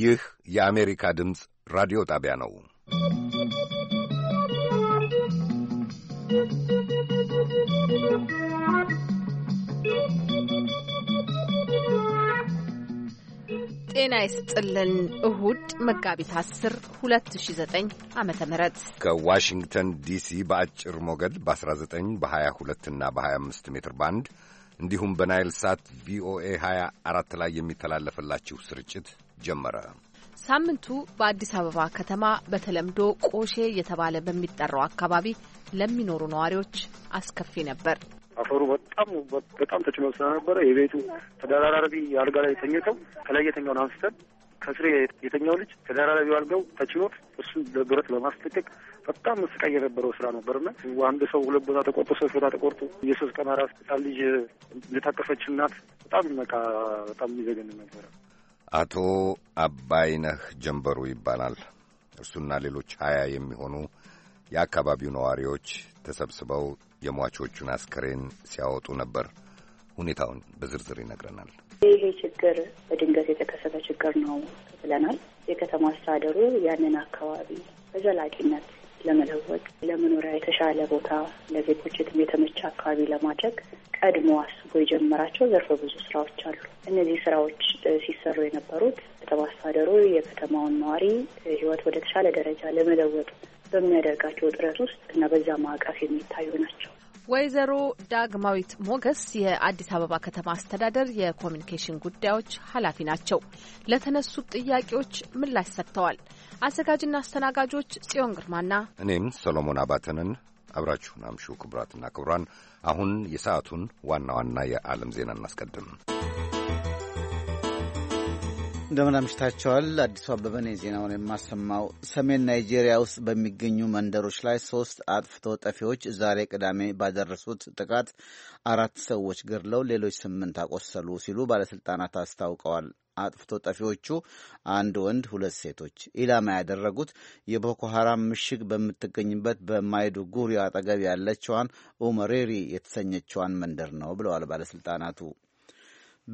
ይህ የአሜሪካ ድምፅ ራዲዮ ጣቢያ ነው። ጤና ይስጥልን። እሁድ መጋቢት 10 2009 ዓ ም ከዋሽንግተን ዲሲ በአጭር ሞገድ በ19 በ22 እና በ25 ሜትር ባንድ እንዲሁም በናይል ሳት ቪኦኤ 24 ላይ የሚተላለፍላችሁ ስርጭት ጀመረ። ሳምንቱ በአዲስ አበባ ከተማ በተለምዶ ቆሼ እየተባለ በሚጠራው አካባቢ ለሚኖሩ ነዋሪዎች አስከፊ ነበር። አፈሩ በጣም በጣም ተጭኖ ስለነበረ የቤቱ ተደራራቢ አልጋ ላይ የተኘተው ከላይ የተኛውን አንስተን ከስሬ የተኛው ልጅ ተደራራቢ አልጋው ተችኖት እሱ ብረት ለማስለቀቅ በጣም ስቃይ የነበረው ስራ ነበርና አንድ ሰው ሁለት ቦታ ተቆርጦ ሶስት ቦታ ተቆርጦ የሶስት ቀን አራት ልጅ የታቀፈች እናት በጣም በቃ በጣም የሚዘገን ነበረ። አቶ አባይነህ ጀንበሩ ይባላል። እርሱና ሌሎች ሀያ የሚሆኑ የአካባቢው ነዋሪዎች ተሰብስበው የሟቾቹን አስከሬን ሲያወጡ ነበር። ሁኔታውን በዝርዝር ይነግረናል። ይሄ ችግር በድንገት የተከሰተ ችግር ነው ብለናል። የከተማ አስተዳደሩ ያንን አካባቢ በዘላቂነት ለመለወጥ ለመኖሪያ የተሻለ ቦታ ለዜጎችትም የተመቸ አካባቢ ለማድረግ ቀድሞ አስቦ የጀመራቸው ዘርፈ ብዙ ስራዎች አሉ። እነዚህ ስራዎች ሲሰሩ የነበሩት ከተማ አስተዳደሩ የከተማውን ነዋሪ ሕይወት ወደ ተሻለ ደረጃ ለመለወጥ በሚያደርጋቸው ጥረት ውስጥ እና በዛ ማዕቀፍ የሚታዩ ናቸው። ወይዘሮ ዳግማዊት ሞገስ የአዲስ አበባ ከተማ አስተዳደር የኮሚኒኬሽን ጉዳዮች ኃላፊ ናቸው። ለተነሱት ጥያቄዎች ምላሽ ሰጥተዋል። አዘጋጅና አስተናጋጆች ጽዮን ግርማና እኔም ሰሎሞን አባተንን አብራችሁን አምሹ። ክቡራትና ክቡራን፣ አሁን የሰዓቱን ዋና ዋና የዓለም ዜና እናስቀድም። እንደምን አምሽታቸዋል። አዲሱ አበበን የዜናውን የማሰማው። ሰሜን ናይጄሪያ ውስጥ በሚገኙ መንደሮች ላይ ሶስት አጥፍቶ ጠፊዎች ዛሬ ቅዳሜ ባደረሱት ጥቃት አራት ሰዎች ገድለው ሌሎች ስምንት አቆሰሉ ሲሉ ባለስልጣናት አስታውቀዋል። አጥፍቶ ጠፊዎቹ አንድ ወንድ፣ ሁለት ሴቶች ኢላማ ያደረጉት የቦኮ ምሽግ በምትገኝበት በማይዱጉሪ አጠገብ ያለችዋን ኡመሬሪ የተሰኘችዋን መንደር ነው ብለዋል ባለስልጣናቱ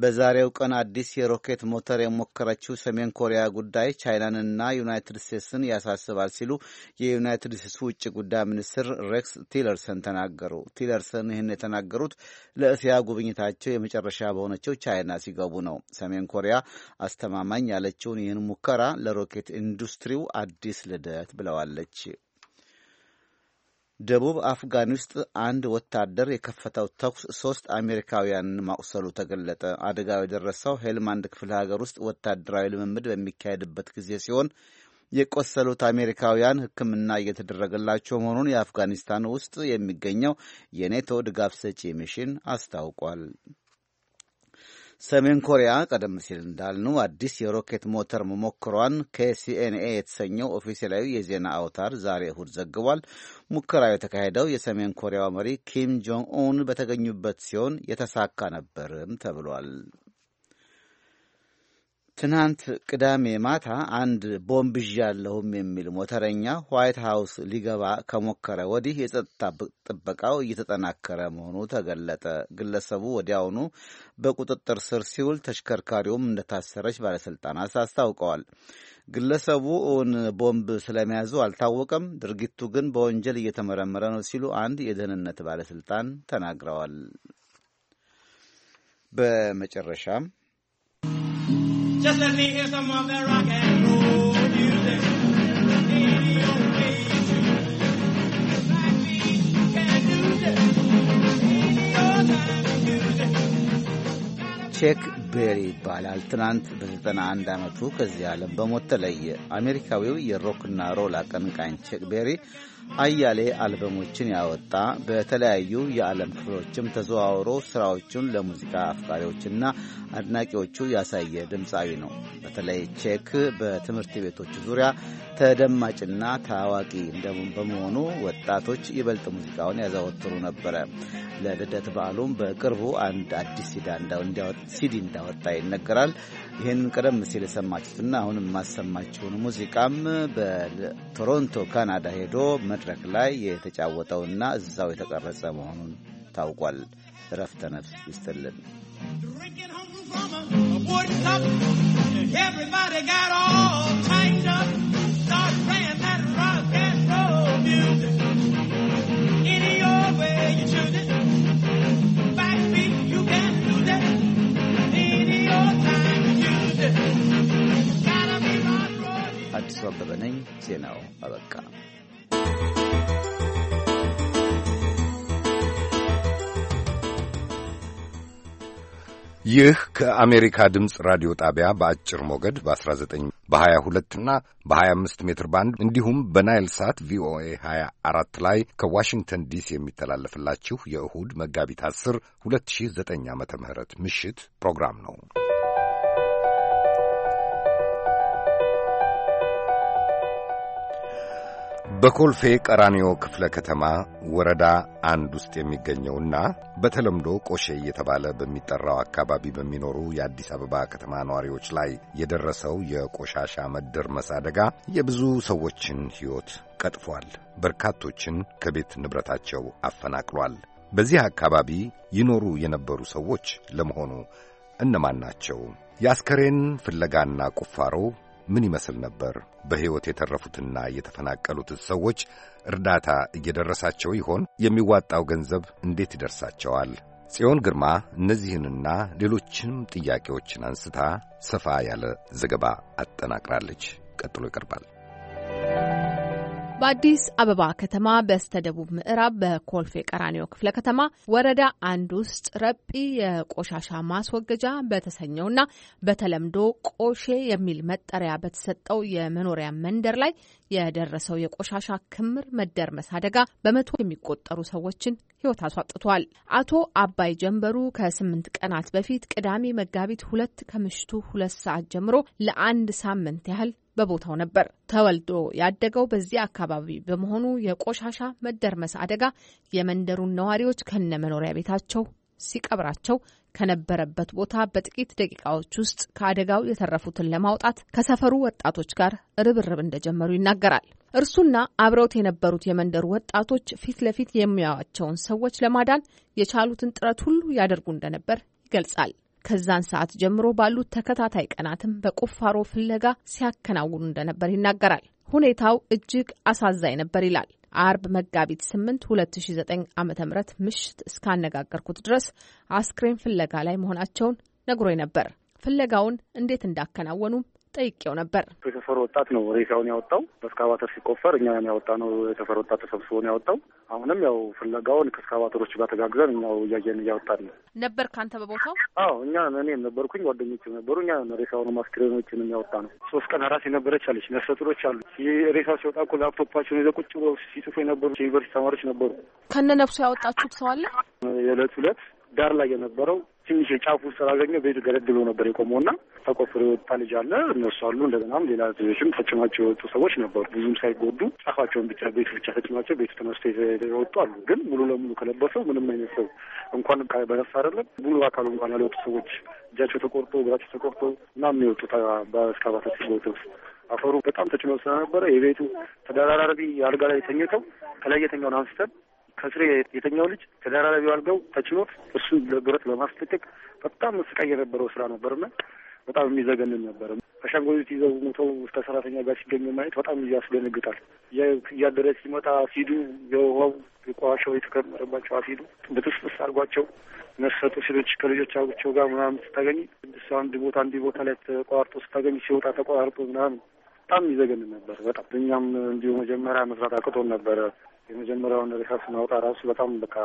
በዛሬው ቀን አዲስ የሮኬት ሞተር የሞከረችው ሰሜን ኮሪያ ጉዳይ ቻይናንና ዩናይትድ ስቴትስን ያሳስባል ሲሉ የዩናይትድ ስቴትስ ውጭ ጉዳይ ሚኒስትር ሬክስ ቲለርሰን ተናገሩ። ቲለርሰን ይህን የተናገሩት ለእስያ ጉብኝታቸው የመጨረሻ በሆነችው ቻይና ሲገቡ ነው። ሰሜን ኮሪያ አስተማማኝ ያለችውን ይህን ሙከራ ለሮኬት ኢንዱስትሪው አዲስ ልደት ብለዋለች። ደቡብ አፍጋን ውስጥ አንድ ወታደር የከፈተው ተኩስ ሶስት አሜሪካውያንን ማቁሰሉ ተገለጠ። አደጋው የደረሰው ሄልማንድ ክፍለ ሀገር ውስጥ ወታደራዊ ልምምድ በሚካሄድበት ጊዜ ሲሆን የቆሰሉት አሜሪካውያን ሕክምና እየተደረገላቸው መሆኑን የአፍጋኒስታን ውስጥ የሚገኘው የኔቶ ድጋፍ ሰጪ ሚሽን አስታውቋል። ሰሜን ኮሪያ ቀደም ሲል እንዳልነው አዲስ የሮኬት ሞተር መሞክሯን ከሲኤንኤ የተሰኘው ኦፊሴላዊ የዜና አውታር ዛሬ እሁድ ዘግቧል። ሙከራው የተካሄደው የሰሜን ኮሪያው መሪ ኪም ጆንግ ኡን በተገኙበት ሲሆን የተሳካ ነበርም ተብሏል። ትናንት ቅዳሜ ማታ አንድ ቦምብዥ ያለሁም የሚል ሞተረኛ ዋይት ሀውስ ሊገባ ከሞከረ ወዲህ የጸጥታ ጥበቃው እየተጠናከረ መሆኑ ተገለጠ። ግለሰቡ ወዲያውኑ በቁጥጥር ስር ሲውል ተሽከርካሪውም እንደታሰረች ባለሥልጣናት አስታውቀዋል። ግለሰቡ እውን ቦምብ ስለመያዙ አልታወቀም። ድርጊቱ ግን በወንጀል እየተመረመረ ነው ሲሉ አንድ የደህንነት ባለሥልጣን ተናግረዋል። በመጨረሻም ቼክ ቤሪ ይባላል። ትናንት በ91 ዓመቱ ከዚህ ዓለም በሞት ተለየ። አሜሪካዊው የሮክና ሮል አቀንቃኝ ቼክ ቤሪ አያሌ አልበሞችን ያወጣ በተለያዩ የዓለም ክፍሎችም ተዘዋውሮ ሥራዎቹን ለሙዚቃ አፍቃሪዎችና አድናቂዎቹ ያሳየ ድምፃዊ ነው። በተለይ ቼክ በትምህርት ቤቶች ዙሪያ ተደማጭና ታዋቂ በመሆኑ ወጣቶች ይበልጥ ሙዚቃውን ያዘወትሩ ነበረ። ለልደት በዓሉም በቅርቡ አንድ አዲስ ሲዲ እንዳወጣ ይነገራል። ይህንን ቀደም ሲል የሰማችሁትና አሁንም የማሰማችሁን ሙዚቃም በቶሮንቶ ካናዳ ሄዶ መድረክ ላይ የተጫወተውና እዛው የተቀረጸ መሆኑን ታውቋል። እረፍተ ነፍስ ይስጥልን። Music. Any old way you choose it. አዲሱ አበበ ነኝ። ዜናው አበቃ። ይህ ከአሜሪካ ድምፅ ራዲዮ ጣቢያ በአጭር ሞገድ በ19 በ22 እና በ25 ሜትር ባንድ እንዲሁም በናይል ሳት ቪኦኤ 24 ላይ ከዋሽንግተን ዲሲ የሚተላለፍላችሁ የእሁድ መጋቢት 10 2009 ዓ ም ምሽት ፕሮግራም ነው። በኮልፌ ቀራኒዮ ክፍለ ከተማ ወረዳ አንድ ውስጥ የሚገኘውና በተለምዶ ቆሼ እየተባለ በሚጠራው አካባቢ በሚኖሩ የአዲስ አበባ ከተማ ነዋሪዎች ላይ የደረሰው የቆሻሻ መደርመስ አደጋ የብዙ ሰዎችን ሕይወት ቀጥፏል። በርካቶችን ከቤት ንብረታቸው አፈናቅሏል። በዚህ አካባቢ ይኖሩ የነበሩ ሰዎች ለመሆኑ እነማን ናቸው? የአስከሬን ፍለጋና ቁፋሮ ምን ይመስል ነበር? በሕይወት የተረፉትና የተፈናቀሉት ሰዎች እርዳታ እየደረሳቸው ይሆን? የሚዋጣው ገንዘብ እንዴት ይደርሳቸዋል? ጽዮን ግርማ እነዚህንና ሌሎችንም ጥያቄዎችን አንስታ ሰፋ ያለ ዘገባ አጠናቅራለች። ቀጥሎ ይቀርባል። በአዲስ አበባ ከተማ በስተደቡብ ምዕራብ በኮልፌ ቀራኒዮ ክፍለ ከተማ ወረዳ አንድ ውስጥ ረጲ የቆሻሻ ማስወገጃ በተሰኘውና በተለምዶ ቆሼ የሚል መጠሪያ በተሰጠው የመኖሪያ መንደር ላይ የደረሰው የቆሻሻ ክምር መደርመስ አደጋ በመቶ የሚቆጠሩ ሰዎችን ሕይወት አስዋጥቷል። አቶ አባይ ጀንበሩ ከስምንት ቀናት በፊት ቅዳሜ መጋቢት ሁለት ከምሽቱ ሁለት ሰዓት ጀምሮ ለአንድ ሳምንት ያህል በቦታው ነበር። ተወልዶ ያደገው በዚህ አካባቢ በመሆኑ የቆሻሻ መደርመስ አደጋ የመንደሩን ነዋሪዎች ከነ መኖሪያ ቤታቸው ሲቀብራቸው ከነበረበት ቦታ በጥቂት ደቂቃዎች ውስጥ ከአደጋው የተረፉትን ለማውጣት ከሰፈሩ ወጣቶች ጋር ርብርብ እንደጀመሩ ይናገራል። እርሱና አብረውት የነበሩት የመንደሩ ወጣቶች ፊት ለፊት የሚያዩዋቸውን ሰዎች ለማዳን የቻሉትን ጥረት ሁሉ ያደርጉ እንደነበር ይገልጻል። ከዛን ሰዓት ጀምሮ ባሉት ተከታታይ ቀናትም በቁፋሮ ፍለጋ ሲያከናውኑ እንደነበር ይናገራል። ሁኔታው እጅግ አሳዛኝ ነበር ይላል። አርብ መጋቢት 8 2009 ዓ ም ምሽት እስካነጋገርኩት ድረስ አስክሬን ፍለጋ ላይ መሆናቸውን ነግሮኝ ነበር። ፍለጋውን እንዴት እንዳከናወኑም ጠይቄው ነበር። የሰፈር ወጣት ነው ሬሳውን ያወጣው። በእስካቫተር ሲቆፈር እኛ ያወጣ ነው። የሰፈር ወጣት ተሰብስቦ ነው ያወጣው። አሁንም ያው ፍለጋውን ከእስካቫተሮች ጋር ተጋግዘን እኛው እያየን እያወጣ ነው። ነበር ከአንተ በቦታው? አዎ እኛ እኔም ነበርኩኝ፣ ጓደኞች ነበሩ። እኛ ሬሳውን ማስክሬኖችን የሚያወጣ ነው። ሶስት ቀን አራት የነበረች አለች። ነፍሰ አሉ። ይህ ሬሳ ሲወጣ እኮ ላፕቶፓቸውን ይዘው ቁጭ ብለው ሲጽፉ የነበሩ የዩኒቨርሲቲ ተማሪዎች ነበሩ። ከነ ነፍሱ ያወጣችሁት ሰው አለ የዕለት ሁለት ዳር ላይ የነበረው ትንሽ የጫፉ ስላገኘ ቤት ገደድ ብሎ ነበር የቆመው እና ተቆፍሮ የወጣ ልጅ አለ እነሱ አሉ። እንደገናም ሌላ ልጆችም ተጭኗቸው የወጡ ሰዎች ነበሩ። ብዙም ሳይጎዱ ጫፋቸውን ብቻ ቤቱ ብቻ ተጭኗቸው ቤቱ ተነስቶ የወጡ አሉ። ግን ሙሉ ለሙሉ ከለበሰው ምንም አይነት ሰው እንኳን በነፍስ አይደለም ሙሉ አካሉ እንኳን ያልወጡ ሰዎች እጃቸው ተቆርጦ እግራቸው ተቆርጦ እና የሚወጡ በእስካባታ ሲወጡ አፈሩ በጣም ተጭኖ ስለነበረ የቤቱ ተደራራቢ አልጋ ላይ ተኝተው ከላይ የተኛውን አንስተን ከስሬ የተኛው ልጅ ተደራራቢ አልጋው ተችሎት እሱን ለብረት በማስለቀቅ በጣም ስቃይ የነበረው ስራ ነበርና በጣም የሚዘገንን ነበር። አሻንጉሊት ይዘው ሞተው እስከ ሰራተኛ ጋር ሲገኙ ማየት በጣም ያስደነግጣል። እያደረ ሲመጣ አሲዱ፣ የውሃው የቋሻው የተከመረባቸው አሲዱ በትስጥስ አድርጓቸው ነሰጡ ጡር ሴቶች ከልጆቻቸው ጋር ምናምን ስታገኝ ስድስት አንድ ቦታ አንድ ቦታ ላይ ተቋርጦ ስታገኝ ሲወጣ ተቋርጦ ምናምን በጣም ይዘገን ነበር። በጣም እኛም እንዲሁ መጀመሪያ መስራት አቅቶን ነበረ። የመጀመሪያውን ሪሰርች ማውጣ ራሱ በጣም በቃ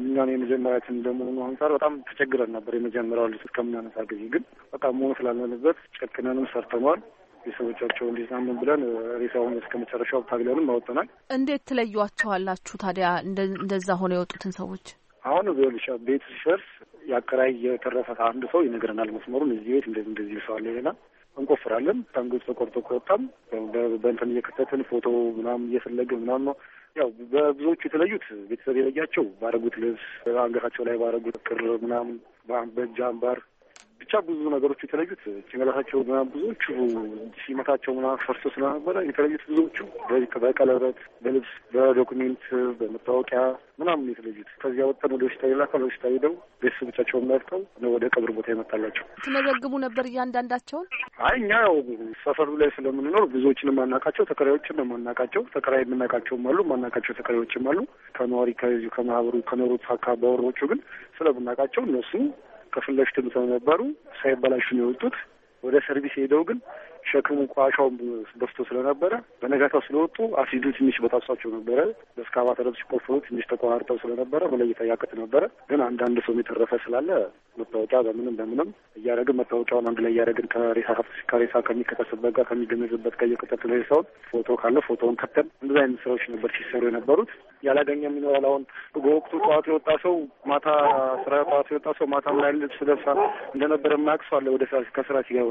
እኛን የመጀመሪያችን እንደመሆኑ አንጻር በጣም ተቸግረን ነበር። የመጀመሪያው ልስት ከምናነሳ ጊዜ ግን በቃ መሆን ስላለንበት ጨክነንም ሰርተኗል። ቤተሰቦቻቸው እንዲዛምን ብለን ሬሳውን እስከ መጨረሻው ታግለንም አወጥተናል። እንዴት ትለዩቸዋላችሁ ታዲያ እንደዛ ሆነ የወጡትን ሰዎች? አሁን ቢሆልሻ ቤት ሲሸርስ የአከራይ የተረፈ አንድ ሰው ይነግረናል መስመሩን እዚህ ቤት እንደዚህ እንደዚህ ሰው አለ እንቆፍራለን። ታንጎች ተቆርጦ ከወጣም በእንትን እየከተትን ፎቶ ምናም እየፈለገ ምናም ነው። ያው በብዙዎቹ የተለዩት ቤተሰብ የለያቸው ባረጉት ልብስ፣ አንገታቸው ላይ ባረጉት ቅር ምናምን፣ በእጅ አምባር ብቻ ብዙ ነገሮች የተለዩት ጭንቅላታቸው ና ብዙዎቹ ሲመታቸው ምናምን ፈርሶ ስለነበረ የተለዩት ብዙዎቹ በቀለበት፣ በልብስ፣ በዶኩሜንት፣ በመታወቂያ ምናምን የተለዩት። ከዚያ ወጥተን ወደ በሽታ ሌላ ካል በሽታ ሄደው ቤተሰቦቻቸውን መርጠው ወደ ቀብር ቦታ ይመጣላቸው። ትመዘግቡ ነበር እያንዳንዳቸውን? አይ እኛ ያው ሰፈሩ ላይ ስለምንኖር ብዙዎችን የማናቃቸው ተከራዮችን የማናቃቸው ተከራይ የምናቃቸውም አሉ የማናቃቸው ተከራዮችም አሉ። ከነዋሪ ከዚሁ ከማህበሩ ከኖሩት አካባቢ ባወሮቹ ግን ስለምናቃቸው እነሱ ከፊት ለፊትም ሰው ነበሩ ሳይበላሹ ነው የወጡት። ወደ ሰርቪስ ሄደው ግን ሸክሙ ቋሻውም በስቶ ስለነበረ በነጋታው ስለወጡ አሲዱ ትንሽ በጣሳቸው ነበረ። በእስካቫተር ሲቆፍሩ ትንሽ ተቆራርጠው ስለነበረ መለየት ያቅት ነበረ። ግን አንዳንድ ሰው የተረፈ ስላለ መታወቂያ በምንም በምንም እያደረግን መታወቂያውን አንድ ላይ እያደረግን ከሬሳ ከሚከተስበት ጋር ከሚገመዝበት ከየቅጠት ላይ ሰውን ፎቶ ካለ ፎቶውን ከተን እንደዚ አይነት ስራዎች ነበር ሲሰሩ የነበሩት። ያላገኘ የሚኖራል። አሁን በወቅቱ ጠዋት የወጣ ሰው ማታ ስራ ጠዋት የወጣ ሰው ማታም ላይ ልብስ ለብሳ እንደነበረ የማያውቅ አለ ወደ ከስራ ሲገባ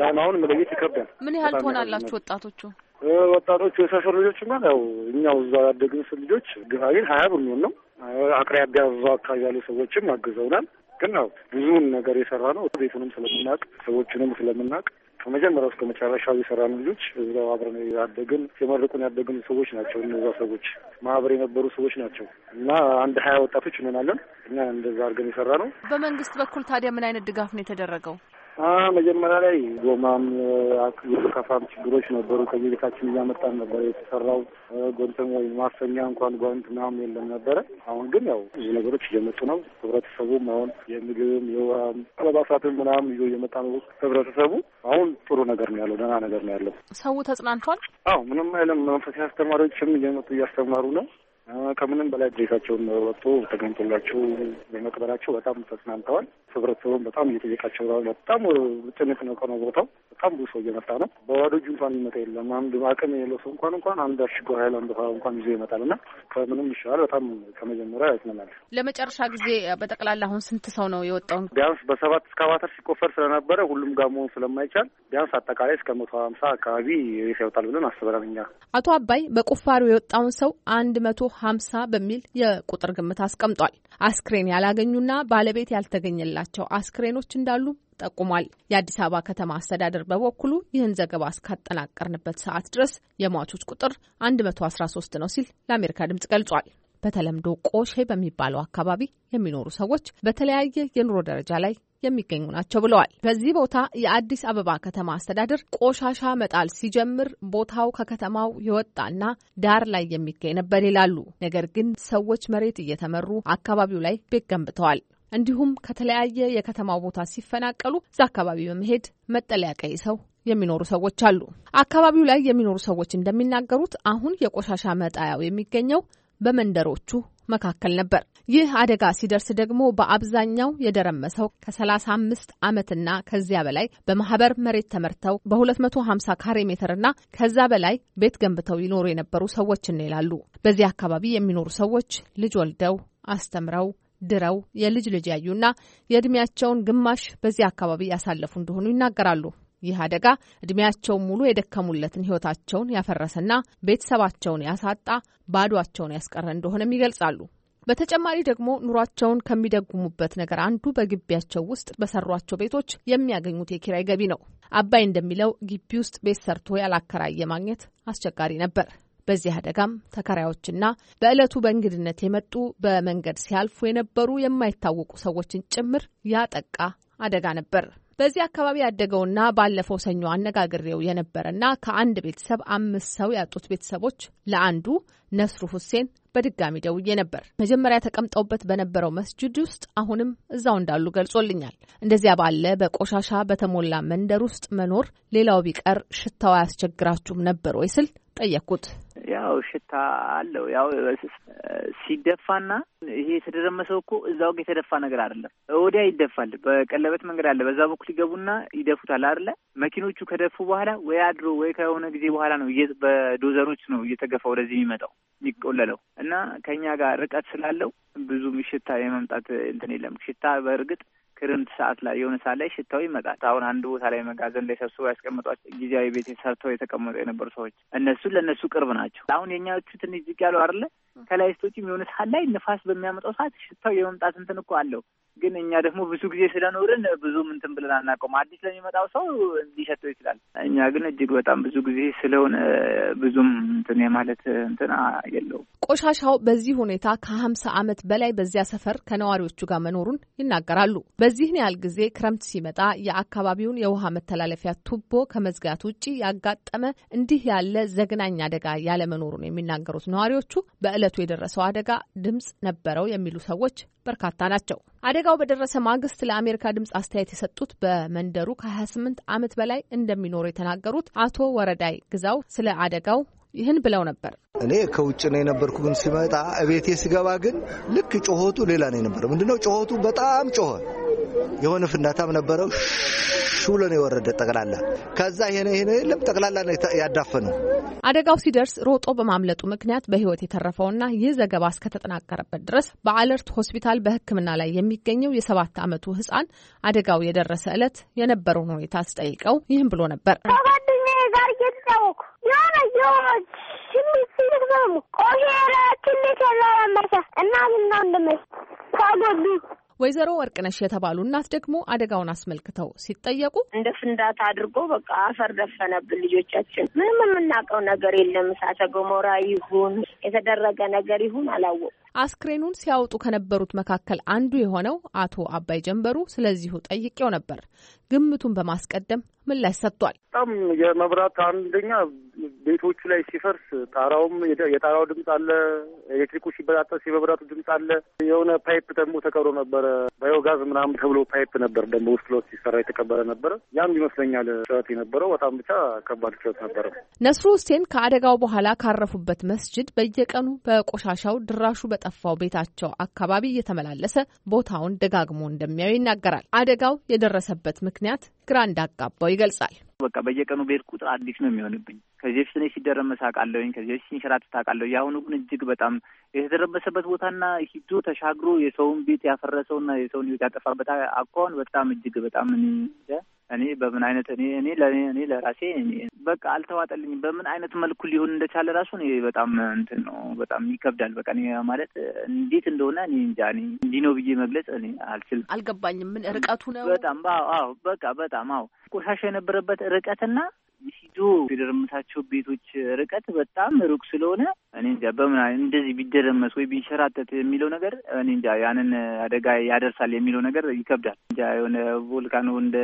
ያን አሁን መለየት ይከብዳል። ምን ያህል ትሆናላችሁ ወጣቶቹ? ወጣቶቹ የሰፈር ልጆች እና ያው እኛው እዛው ያደግን ልጆች ግፋቢን ሀያ ብንሆን ነው። አቅራቢያ እዛው አካባቢ ያሉ ሰዎችም አግዘውናል። ግን ያው ብዙውን ነገር የሰራ ነው ቤቱንም ስለምናውቅ ሰዎችንም ስለምናውቅ ከመጀመሪያው እስከ መጨረሻው የሰራን ልጆች እዛው አብረን ያደግን የመርቁን ያደግን ሰዎች ናቸው። እነዛ ሰዎች ማህበር የነበሩ ሰዎች ናቸው እና አንድ ሀያ ወጣቶች እንሆናለን። እኛ እንደዛ አድርገን የሰራ ነው። በመንግስት በኩል ታዲያ ምን አይነት ድጋፍ ነው የተደረገው? መጀመሪያ ላይ ጎማም የካፋም ችግሮች ነበሩ። ከዚህ ቤታችን እያመጣን ነበረ የተሰራው ጎንትም ወይ ማሰኛ እንኳን ጓንት ምናምን የለም ነበረ። አሁን ግን ያው ብዙ ነገሮች እየመጡ ነው። ህብረተሰቡም አሁን የምግብም የውሃም አለባሳትም ምናምን ይዞ እየመጣ ነው። ህብረተሰቡ አሁን ጥሩ ነገር ነው ያለው፣ ደህና ነገር ነው ያለው። ሰው ተጽናንቷል። አዎ ምንም አይልም። መንፈሳዊ አስተማሪዎችም እየመጡ እያስተማሩ ነው። ከምንም በላይ ድሬታቸውን ወጥቶ ተገኝቶላቸው በመቅበራቸው በጣም ተጽናንተዋል። ህብረተሰቡን በጣም እየጠየቃቸው በጣም ጭንቅ ነው ቀኖ ቦታው በጣም ብዙ ሰው እየመጣ ነው። በባዶ እጁ እንኳን ይመጣ የለም። አንድ አቅም የሌለው ሰው እንኳን እንኳን አንድ አሽጎ ሀይል አንድ ውሃ እንኳን ይዞ ይመጣል እና ከምንም ይሻላል። በጣም ከመጀመሪያ ያዝመናል። ለመጨረሻ ጊዜ በጠቅላላ አሁን ስንት ሰው ነው የወጣው? ቢያንስ በሰባት እስካቫተር ሲቆፈር ስለነበረ ሁሉም መሆን ስለማይቻል ቢያንስ አጠቃላይ እስከ መቶ ሀምሳ አካባቢ ሬሳ ይወጣል ብለን አስበናል እኛ። አቶ አባይ በቁፋሩ የወጣውን ሰው አንድ መቶ 50 በሚል የቁጥር ግምት አስቀምጧል። አስክሬን ያላገኙና ባለቤት ያልተገኘላቸው አስክሬኖች እንዳሉ ጠቁሟል። የአዲስ አበባ ከተማ አስተዳደር በበኩሉ ይህን ዘገባ እስካጠናቀርንበት ሰዓት ድረስ የሟቾች ቁጥር 113 ነው ሲል ለአሜሪካ ድምጽ ገልጿል። በተለምዶ ቆሼ በሚባለው አካባቢ የሚኖሩ ሰዎች በተለያየ የኑሮ ደረጃ ላይ የሚገኙ ናቸው ብለዋል። በዚህ ቦታ የአዲስ አበባ ከተማ አስተዳደር ቆሻሻ መጣል ሲጀምር ቦታው ከከተማው የወጣና ዳር ላይ የሚገኝ ነበር ይላሉ። ነገር ግን ሰዎች መሬት እየተመሩ አካባቢው ላይ ቤት ገንብተዋል። እንዲሁም ከተለያየ የከተማው ቦታ ሲፈናቀሉ እዛ አካባቢ በመሄድ መጠለያ ቀይሰው የሚኖሩ ሰዎች አሉ። አካባቢው ላይ የሚኖሩ ሰዎች እንደሚናገሩት አሁን የቆሻሻ መጣያው የሚገኘው በመንደሮቹ መካከል ነበር። ይህ አደጋ ሲደርስ ደግሞ በአብዛኛው የደረመሰው ከ35 ዓመትና ከዚያ በላይ በማህበር መሬት ተመርተው በ250 ካሬ ሜትርና ከዛ በላይ ቤት ገንብተው ይኖሩ የነበሩ ሰዎችን ይላሉ። በዚህ አካባቢ የሚኖሩ ሰዎች ልጅ ወልደው አስተምረው ድረው የልጅ ልጅ ያዩና የእድሜያቸውን ግማሽ በዚህ አካባቢ ያሳለፉ እንደሆኑ ይናገራሉ። ይህ አደጋ እድሜያቸውን ሙሉ የደከሙለትን ህይወታቸውን ያፈረሰና ቤተሰባቸውን ያሳጣ ባዷቸውን ያስቀረ እንደሆነም ይገልጻሉ። በተጨማሪ ደግሞ ኑሯቸውን ከሚደጉሙበት ነገር አንዱ በግቢያቸው ውስጥ በሰሯቸው ቤቶች የሚያገኙት የኪራይ ገቢ ነው። አባይ እንደሚለው ግቢ ውስጥ ቤት ሰርቶ ያላከራየ ማግኘት አስቸጋሪ ነበር። በዚህ አደጋም ተከራዮችና በዕለቱ በእንግድነት የመጡ በመንገድ ሲያልፉ የነበሩ የማይታወቁ ሰዎችን ጭምር ያጠቃ አደጋ ነበር። በዚህ አካባቢ ያደገውና ባለፈው ሰኞ አነጋግሬው የነበረና ከአንድ ቤተሰብ አምስት ሰው ያጡት ቤተሰቦች ለአንዱ ነስሩ ሁሴን በድጋሚ ደውዬ ነበር። መጀመሪያ ተቀምጠውበት በነበረው መስጅድ ውስጥ አሁንም እዛው እንዳሉ ገልጾልኛል። እንደዚያ ባለ በቆሻሻ በተሞላ መንደር ውስጥ መኖር ሌላው ቢቀር ሽታው አያስቸግራችሁም ነበር ወይ ስል ጠየቅኩት። ያው ሽታ አለው። ያው ሲደፋና ይሄ የተደረመሰው እኮ እዛው ጋ የተደፋ ነገር አይደለም፣ ወዲያ ይደፋል። በቀለበት መንገድ አለ፣ በዛ በኩል ይገቡና ይደፉታል አይደለ? መኪኖቹ ከደፉ በኋላ ወይ አድሮ ወይ ከሆነ ጊዜ በኋላ ነው በዶዘሮች ነው እየተገፋ ወደዚህ የሚመጣው የሚቆለለው እና ከኛ ጋር ርቀት ስላለው ብዙም ሽታ የመምጣት እንትን የለም። ሽታ በእርግጥ ክረምት ሰዓት ላይ የሆነ ሰዓት ላይ ሽታው ይመጣል። አሁን አንድ ቦታ ላይ መጋዘን ላይ ሰብስቦ ያስቀምጧቸው ጊዜያዊ ቤት ሰርተው የተቀመጡ የነበሩ ሰዎች እነሱ ለእነሱ ቅርብ ናቸው። አሁን የኛዎቹ ትንሽ ዝቅ ያሉ አይደለ? ከላይ ስቶችም የሆነ ሰዓት ላይ ንፋስ በሚያመጣው ሰዓት ሽታው የመምጣት እንትን እኮ አለው። ግን እኛ ደግሞ ብዙ ጊዜ ስለኖርን ብዙም እንትን ብለን አናውቀውም። አዲስ ለሚመጣው ሰው ሊሸጠው ይችላል። እኛ ግን እጅግ በጣም ብዙ ጊዜ ስለሆነ ብዙም እንትን የማለት እንትን የለውም። ቆሻሻው በዚህ ሁኔታ ከሀምሳ ዓመት በላይ በዚያ ሰፈር ከነዋሪዎቹ ጋር መኖሩን ይናገራሉ። በዚህን ያህል ጊዜ ክረምት ሲመጣ የአካባቢውን የውሃ መተላለፊያ ቱቦ ከመዝጋት ውጭ ያጋጠመ እንዲህ ያለ ዘግናኝ አደጋ ያለመኖሩን የሚናገሩት ነዋሪዎቹ በዕለቱ የደረሰው አደጋ ድምጽ ነበረው የሚሉ ሰዎች በርካታ ናቸው። አደጋው በደረሰ ማግስት ለአሜሪካ ድምጽ አስተያየት የሰጡት በመንደሩ ከ28 ዓመት በላይ እንደሚኖሩ የተናገሩት አቶ ወረዳይ ግዛው ስለ አደጋው ይህን ብለው ነበር። እኔ ከውጭ ነው የነበርኩ፣ ግን ሲመጣ እቤቴ ሲገባ ግን ልክ ጮኸቱ ሌላ ነው የነበረ። ምንድነው ጮኸቱ? በጣም ጮኸ። የሆነ ፍንዳታም ነበረው ብሎ ነው የወረደ ጠቅላላ። ከዛ ይሄነ የለም ጠቅላላ ነው ያዳፈነው። አደጋው ሲደርስ ሮጦ በማምለጡ ምክንያት በህይወት የተረፈውና ይህ ዘገባ እስከተጠናቀረበት ድረስ በአለርት ሆስፒታል በሕክምና ላይ የሚገኘው የሰባት ዓመቱ ህፃን አደጋው የደረሰ ዕለት የነበረውን ሁኔታ አስጠይቀው ይህም ብሎ ነበር። ጋር እየተጫወኩ የሆነ የሆነ ትንሽ ትልቅ ደግሞ ቆሄ ትልቅ እና ምና እንደመስ ታጎዱ ወይዘሮ ወርቅነሽ የተባሉ እናት ደግሞ አደጋውን አስመልክተው ሲጠየቁ እንደ ፍንዳታ አድርጎ በቃ አፈር ደፈነብን ልጆቻችን። ምንም የምናውቀው ነገር የለም። እሳተ ገሞራ ይሁን የተደረገ ነገር ይሁን አላወቁ። አስክሬኑን ሲያወጡ ከነበሩት መካከል አንዱ የሆነው አቶ አባይ ጀንበሩ ስለዚሁ ጠይቄው ነበር። ግምቱን በማስቀደም ምላሽ ሰጥቷል። በጣም የመብራት አንደኛ ቤቶቹ ላይ ሲፈርስ ጣራውም የጣራው ድምፅ አለ፣ ኤሌክትሪኩ ሲበጣጠስ የመብራቱ ድምፅ አለ። የሆነ ፓይፕ ደግሞ ተቀብሮ ነበረ፣ ባዮጋዝ ምናምን ተብሎ ፓይፕ ነበር ደግሞ ውስጥ ለውስጥ ሲሰራ የተቀበረ ነበረ። ያም ይመስለኛል ጩኸት የነበረው በጣም ብቻ ከባድ ጩኸት ነበረ። ነስሩ ሁሴን ከአደጋው በኋላ ካረፉበት መስጅድ በየቀኑ በቆሻሻው ድራሹ በጠፋው ቤታቸው አካባቢ እየተመላለሰ ቦታውን ደጋግሞ እንደሚያዩ ይናገራል። አደጋው የደረሰበት ምክንያት ምክንያት ግራ እንዳጋባው ይገልጻል። በቃ በየቀኑ ቤት ቁጥር አዲስ ነው የሚሆንብኝ። ከዚህ በፊት እኔ ሲደረመስ አውቃለሁኝ፣ ከዚህ በፊት ሲንሸራተት አውቃለሁ። የአሁኑ ግን እጅግ በጣም የተደረመሰበት ቦታና ሂዶ ተሻግሮ የሰውን ቤት ያፈረሰውና የሰውን ሕይወት ያጠፋበት አኳኋን በጣም እጅግ በጣም እኔ በምን አይነት እኔ እኔ ለእኔ ለራሴ በቃ አልተዋጠልኝም። በምን አይነት መልኩ ሊሆን እንደቻለ ራሱ እኔ በጣም እንትን ነው፣ በጣም ይከብዳል። በቃ እኔ ማለት እንዴት እንደሆነ እኔ እንጃ። እኔ እንዲህ ነው ብዬ መግለጽ እኔ አልችልም፣ አልገባኝም። ምን ርቀቱ ነው? በጣም አዎ፣ በቃ በጣም አዎ፣ ቆሻሻ የነበረበት ርቀትና ሲዶ የደረመሳቸው ቤቶች ርቀት በጣም ሩቅ ስለሆነ እኔ እንጃ በምን እንደዚህ ቢደረመስ ወይ ቢንሸራተት የሚለው ነገር እኔ እንጃ ያንን አደጋ ያደርሳል የሚለው ነገር ይከብዳል። እንጃ የሆነ ቮልካኖ እንደ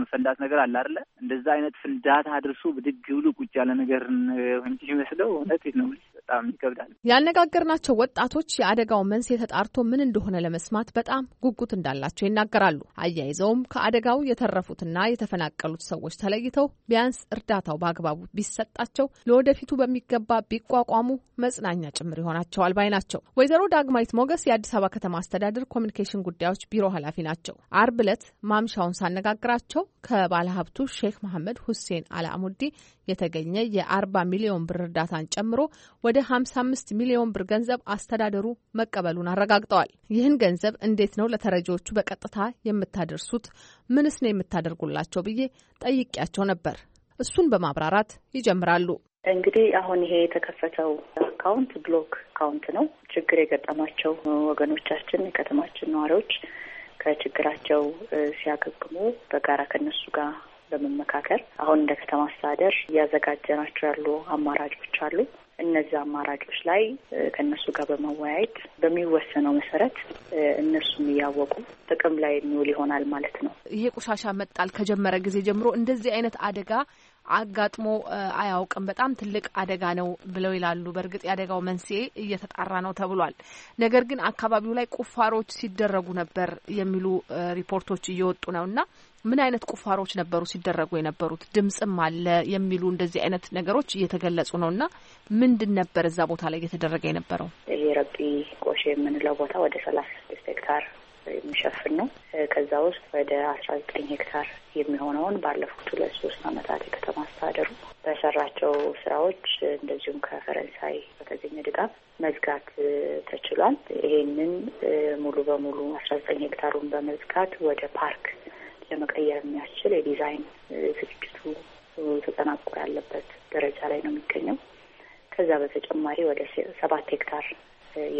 መፈንዳት ነገር አለ አይደለ? እንደዛ አይነት ፍንዳታ አድርሶ ብድግ ብሎ ቁጭ ያለ ነገር የሚመስለው እውነት ነው። በጣም ይከብዳል። ያነጋገርናቸው ወጣቶች የአደጋው መንስኤ ተጣርቶ ምን እንደሆነ ለመስማት በጣም ጉጉት እንዳላቸው ይናገራሉ። አያይዘውም ከአደጋው የተረፉትና የተፈናቀሉት ሰዎች ተለይተው ቢያንስ እርዳታው በአግባቡ ቢሰጣቸው ለወደፊቱ በሚገባ ቢቋቋሙ መጽናኛ ጭምር ይሆናቸዋል ባይ ናቸው። ወይዘሮ ዳግማዊት ሞገስ የአዲስ አበባ ከተማ አስተዳደር ኮሚኒኬሽን ጉዳዮች ቢሮ ኃላፊ ናቸው። አርብ ዕለት ማምሻውን ሳነጋግራቸው ከባለሀብቱ ሼክ መሐመድ ሁሴን አልአሙዲ የተገኘ የአርባ ሚሊዮን ብር እርዳታን ጨምሮ ወደ አምስት ሚሊዮን ብር ገንዘብ አስተዳደሩ መቀበሉን አረጋግጠዋል። ይህን ገንዘብ እንዴት ነው ለተረጂዎቹ በቀጥታ የምታደርሱት? ምንስ ነው የምታደርጉላቸው ብዬ ጠይቂያቸው ነበር። እሱን በማብራራት ይጀምራሉ። እንግዲህ አሁን ይሄ የተከፈተው አካውንት ብሎክ አካውንት ነው። ችግር የገጠማቸው ወገኖቻችን የከተማችን ነዋሪዎች ከችግራቸው ሲያገግሙ በጋራ ከነሱ ጋር በመመካከል አሁን እንደ ከተማ አስተዳደር እያዘጋጀናቸው ያሉ አማራጮች አሉ። እነዚህ አማራጮች ላይ ከእነሱ ጋር በመወያየት በሚወሰነው መሰረት እነሱም እያወቁ ጥቅም ላይ የሚውል ይሆናል ማለት ነው። ይሄ ቆሻሻ መጣል ከጀመረ ጊዜ ጀምሮ እንደዚህ አይነት አደጋ አጋጥሞ አያውቅም። በጣም ትልቅ አደጋ ነው ብለው ይላሉ። በእርግጥ የአደጋው መንስኤ እየተጣራ ነው ተብሏል። ነገር ግን አካባቢው ላይ ቁፋሮች ሲደረጉ ነበር የሚሉ ሪፖርቶች እየወጡ ነው እና ምን አይነት ቁፋሮች ነበሩ ሲደረጉ የነበሩት? ድምጽም አለ የሚሉ እንደዚህ አይነት ነገሮች እየተገለጹ ነው እና ምንድን ነበር እዛ ቦታ ላይ እየተደረገ የነበረው? ይሄ ረቢ ቆሼ የምንለው ቦታ ወደ ሰላሳ ስድስት ሄክታር የሚሸፍን ነው። ከዛ ውስጥ ወደ አስራ ዘጠኝ ሄክታር የሚሆነውን ባለፉት ሁለት ሶስት አመታት የከተማ አስተዳደሩ በሰራቸው ስራዎች እንደዚሁም ከፈረንሳይ በተገኘ ድጋፍ መዝጋት ተችሏል። ይሄንን ሙሉ በሙሉ አስራ ዘጠኝ ሄክታሩን በመዝጋት ወደ ፓርክ ለመቀየር የሚያስችል የዲዛይን ዝግጅቱ ተጠናቆ ያለበት ደረጃ ላይ ነው የሚገኘው። ከዛ በተጨማሪ ወደ ሰባት ሄክታር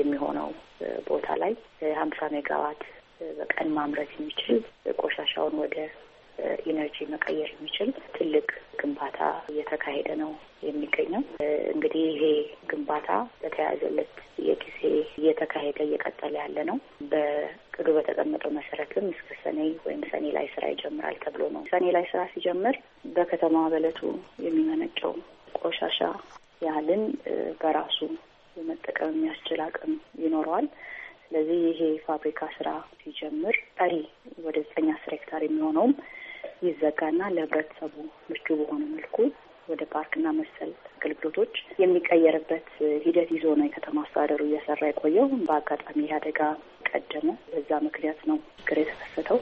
የሚሆነው ቦታ ላይ ሀምሳ ሜጋዋት በቀን ማምረት የሚችል ቆሻሻውን ወደ ኢነርጂ መቀየር የሚችል ትልቅ ግንባታ እየተካሄደ ነው የሚገኘው። እንግዲህ ይሄ ግንባታ በተያያዘለት የጊዜ እየተካሄደ እየቀጠለ ያለ ነው። በቅዱ በተቀመጠው መሰረትም እስከ ሰኔ ወይም ሰኔ ላይ ስራ ይጀምራል ተብሎ ነው። ሰኔ ላይ ስራ ሲጀምር በከተማ በለቱ የሚመነጨው ቆሻሻ ያህልን በራሱ የመጠቀም የሚያስችል አቅም ይኖረዋል። ስለዚህ ይሄ ፋብሪካ ስራ ሲጀምር ጠሪ ወደ ዘጠኝ አስር ሄክታር የሚሆነውም ይዘጋና ለህብረተሰቡ ምቹ በሆነ መልኩ ወደ ፓርክና መሰል አገልግሎቶች የሚቀየርበት ሂደት ይዞ ነው የከተማ አስተዳደሩ እየሰራ የቆየው። በአጋጣሚ ይህ አደጋ ቀደመ በዛ ምክንያት ነው ችግር የተከሰተው።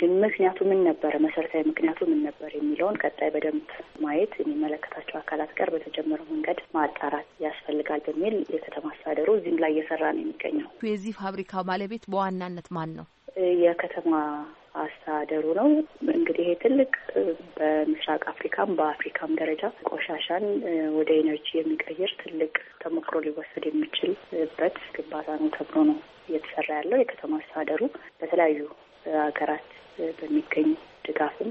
ግን ምክንያቱ ምን ነበረ፣ መሰረታዊ ምክንያቱ ምን ነበር የሚለውን ቀጣይ በደንብ ማየት የሚመለከታቸው አካላት ጋር በተጀመረው መንገድ ማጣራት ያስፈልጋል በሚል የከተማ አስተዳደሩ እዚህም ላይ እየሰራ ነው የሚገኘው። የዚህ ፋብሪካ ባለቤት በዋናነት ማን ነው? የከተማ አስተዳደሩ ነው። እንግዲህ ይሄ ትልቅ በምስራቅ አፍሪካም በአፍሪካም ደረጃ ቆሻሻን ወደ ኤነርጂ የሚቀይር ትልቅ ተሞክሮ ሊወሰድ የሚችልበት ግንባታ ነው ተብሎ ነው እየተሰራ ያለው። የከተማ አስተዳደሩ በተለያዩ ሀገራት በሚገኝ ድጋፍም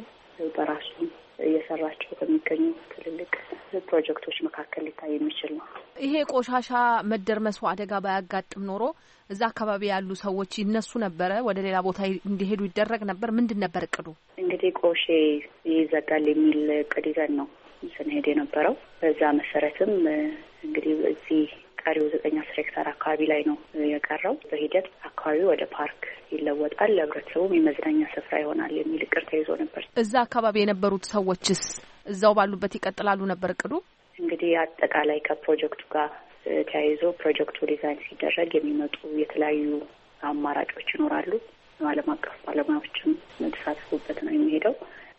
በራሱም እየሰራቸው ከሚገኙ ትልልቅ ፕሮጀክቶች መካከል ሊታይ የሚችል ነው። ይሄ ቆሻሻ መደርመሱ አደጋ ባያጋጥም ኖሮ እዛ አካባቢ ያሉ ሰዎች ይነሱ ነበረ፣ ወደ ሌላ ቦታ እንዲሄዱ ይደረግ ነበር። ምንድን ነበር እቅዱ? እንግዲህ ቆሼ ይዘጋል የሚል እቅድ ይዘን ነው ስንሄድ የነበረው። በዛ መሰረትም እንግዲህ እዚህ ቀሪው ዘጠኝ አስር ሄክታር አካባቢ ላይ ነው የቀረው። በሂደት አካባቢው ወደ ፓርክ ይለወጣል፣ ለህብረተሰቡም የመዝናኛ ስፍራ ይሆናል የሚል እቅድ ተይዞ ነበር። እዛ አካባቢ የነበሩት ሰዎችስ እዛው ባሉበት ይቀጥላሉ ነበር እቅዱ። እንግዲህ አጠቃላይ ከፕሮጀክቱ ጋር ተያይዞ ፕሮጀክቱ ዲዛይን ሲደረግ የሚመጡ የተለያዩ አማራጮች ይኖራሉ። ዓለም አቀፍ ባለሙያዎችም ተሳትፎበት ነው የሚሄደው።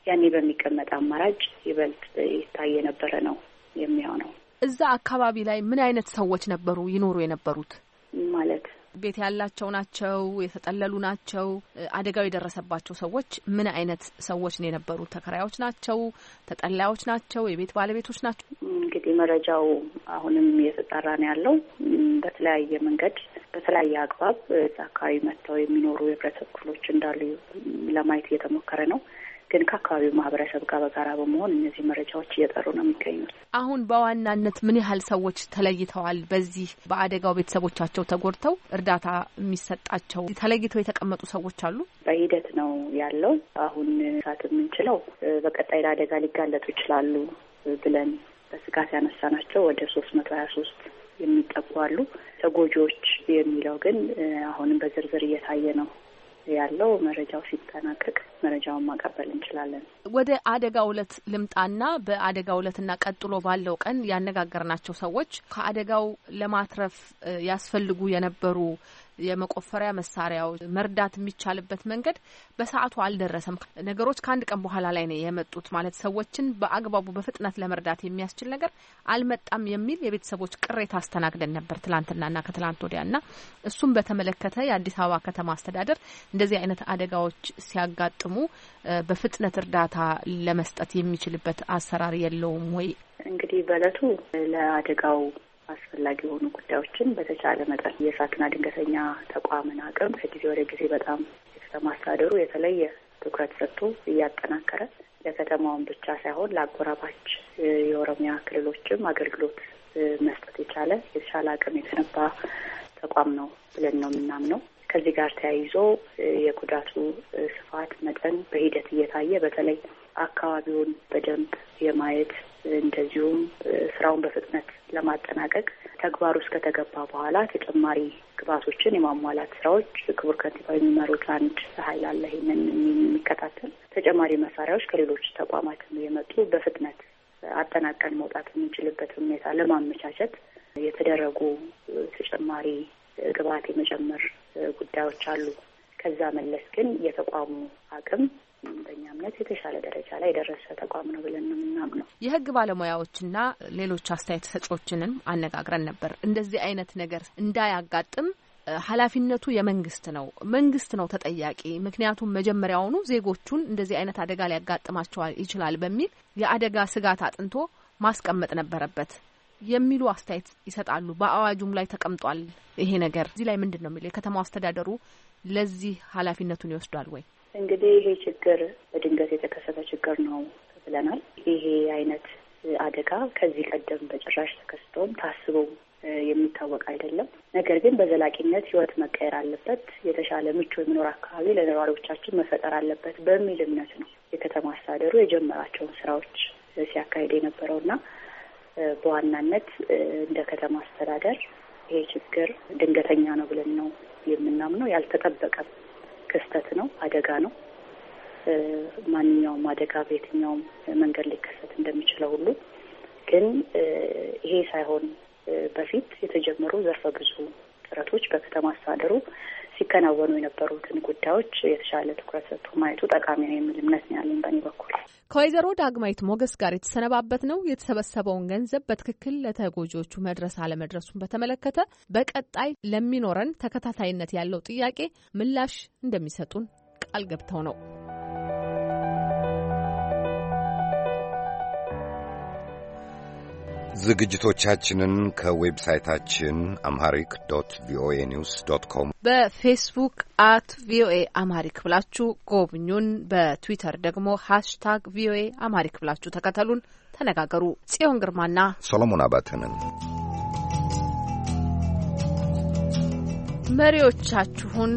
ያኔ በሚቀመጥ አማራጭ ይበልጥ ይታይ የነበረ ነው የሚሆነው። እዛ አካባቢ ላይ ምን አይነት ሰዎች ነበሩ ይኖሩ የነበሩት? ማለት ቤት ያላቸው ናቸው? የተጠለሉ ናቸው? አደጋው የደረሰባቸው ሰዎች ምን አይነት ሰዎች ነው የነበሩት? ተከራዮች ናቸው? ተጠላዮች ናቸው? የቤት ባለቤቶች ናቸው? እንግዲህ መረጃው አሁንም እየተጣራ ነው ያለው። በተለያየ መንገድ በተለያየ አግባብ እዛ አካባቢ መጥተው የሚኖሩ የህብረተሰብ ክፍሎች እንዳሉ ለማየት እየተሞከረ ነው። ግን ከአካባቢው ማህበረሰብ ጋር በጋራ በመሆን እነዚህ መረጃዎች እየጠሩ ነው የሚገኙት። አሁን በዋናነት ምን ያህል ሰዎች ተለይተዋል? በዚህ በአደጋው ቤተሰቦቻቸው ተጎድተው እርዳታ የሚሰጣቸው ተለይተው የተቀመጡ ሰዎች አሉ። በሂደት ነው ያለው። አሁን ሳት የምንችለው በቀጣይ ለአደጋ ሊጋለጡ ይችላሉ ብለን በስጋት ያነሳናቸው ወደ ሶስት መቶ ሀያ ሶስት የሚጠጉ አሉ። ተጎጂዎች የሚለው ግን አሁንም በዝርዝር እየታየ ነው ያለው መረጃው ሲጠናቀቅ መረጃውን ማቀበል እንችላለን። ወደ አደጋ ውለት ልምጣና በአደጋ ውለትና ቀጥሎ ባለው ቀን ያነጋገርናቸው ሰዎች ከአደጋው ለማትረፍ ያስፈልጉ የነበሩ የመቆፈሪያ መሳሪያዎች መርዳት የሚቻልበት መንገድ በሰዓቱ አልደረሰም። ነገሮች ከአንድ ቀን በኋላ ላይ ነው የመጡት። ማለት ሰዎችን በአግባቡ በፍጥነት ለመርዳት የሚያስችል ነገር አልመጣም የሚል የቤተሰቦች ቅሬታ አስተናግደን ነበር ትላንትናና ከትላንት ና እሱም በተመለከተ የአዲስ አበባ ከተማ አስተዳደር እንደዚህ አይነት አደጋዎች ሲያጋጥሙ በፍጥነት እርዳታ ለመስጠት የሚችልበት አሰራር የለውም ወይ? እንግዲህ በእለቱ ለአደጋው አስፈላጊ የሆኑ ጉዳዮችን በተቻለ መጠን የእሳትና ድንገተኛ ተቋምን አቅም ከጊዜ ወደ ጊዜ በጣም የከተማ አስተዳደሩ የተለየ ትኩረት ሰጥቶ እያጠናከረ ለከተማውን ብቻ ሳይሆን ለአጎራባች የኦሮሚያ ክልሎችም አገልግሎት መስጠት የቻለ የተሻለ አቅም የተነባ ተቋም ነው ብለን ነው የምናምነው። ከዚህ ጋር ተያይዞ የጉዳቱ ስፋት መጠን በሂደት እየታየ በተለይ አካባቢውን በደንብ የማየት እንደዚሁም ስራውን በፍጥነት ለማጠናቀቅ ተግባር ውስጥ ከተገባ በኋላ ተጨማሪ ግብዓቶችን የማሟላት ስራዎች ክቡር ከንቲባ የሚመሩት አንድ ኃይል አለ። ይህንን የሚከታተል ተጨማሪ መሳሪያዎች ከሌሎች ተቋማት የመጡ በፍጥነት አጠናቀን መውጣት የምንችልበት ሁኔታ ለማመቻቸት የተደረጉ ተጨማሪ ግብዓት የመጨመር ጉዳዮች አሉ። ከዛ መለስ ግን የተቋሙ አቅም በእኛ እምነት የተሻለ ደረጃ ላይ የደረሰ ተቋም ነው ብለን ነው የምናምነው። የህግ ባለሙያዎችና ሌሎች አስተያየት ሰጪዎችንም አነጋግረን ነበር። እንደዚህ አይነት ነገር እንዳያጋጥም ኃላፊነቱ የመንግስት ነው። መንግስት ነው ተጠያቂ። ምክንያቱም መጀመሪያውኑ ዜጎቹን እንደዚህ አይነት አደጋ ሊያጋጥማቸዋል ይችላል በሚል የአደጋ ስጋት አጥንቶ ማስቀመጥ ነበረበት የሚሉ አስተያየት ይሰጣሉ። በአዋጁም ላይ ተቀምጧል ይሄ ነገር። እዚህ ላይ ምንድን ነው የሚለው የከተማው አስተዳደሩ ለዚህ ኃላፊነቱን ይወስዷል ወይ? እንግዲህ ይሄ ችግር በድንገት የተከሰተ ችግር ነው ብለናል። ይሄ አይነት አደጋ ከዚህ ቀደም በጭራሽ ተከስቶም ታስቦ የሚታወቅ አይደለም። ነገር ግን በዘላቂነት ህይወት መቀየር አለበት፣ የተሻለ ምቹ የመኖር አካባቢ ለነዋሪዎቻችን መፈጠር አለበት በሚል እምነት ነው የከተማ አስተዳደሩ የጀመራቸውን ስራዎች ሲያካሂድ የነበረው እና በዋናነት እንደ ከተማ አስተዳደር ይሄ ችግር ድንገተኛ ነው ብለን ነው የምናምነው ያልተጠበቀም ክስተት ነው፣ አደጋ ነው። ማንኛውም አደጋ በየትኛውም መንገድ ሊከሰት እንደሚችለው ሁሉ ግን ይሄ ሳይሆን በፊት የተጀመሩ ዘርፈ ብዙ ጥረቶች በከተማ አስተዳደሩ ሲከናወኑ የነበሩትን ጉዳዮች የተሻለ ትኩረት ሰጥቶ ማየቱ ጠቃሚ ነው የሚል እምነት ነው ያለኝ በእኔ በኩል። ከወይዘሮ ዳግማዊት ሞገስ ጋር የተሰነባበት ነው የተሰበሰበውን ገንዘብ በትክክል ለተጎጂዎቹ መድረስ አለመድረሱን በተመለከተ በቀጣይ ለሚኖረን ተከታታይነት ያለው ጥያቄ ምላሽ እንደሚሰጡን ቃል ገብተው ነው። ዝግጅቶቻችንን ከዌብሳይታችን አምሃሪክ ዶት ቪኦኤ ኒውስ ዶት ኮም በፌስቡክ አት ቪኦኤ አማሪክ ብላችሁ ጎብኙን። በትዊተር ደግሞ ሃሽታግ ቪኦኤ አማሪክ ብላችሁ ተከተሉን፣ ተነጋገሩ። ጽዮን ግርማና ሰሎሞን አባተንን መሪዎቻችሁን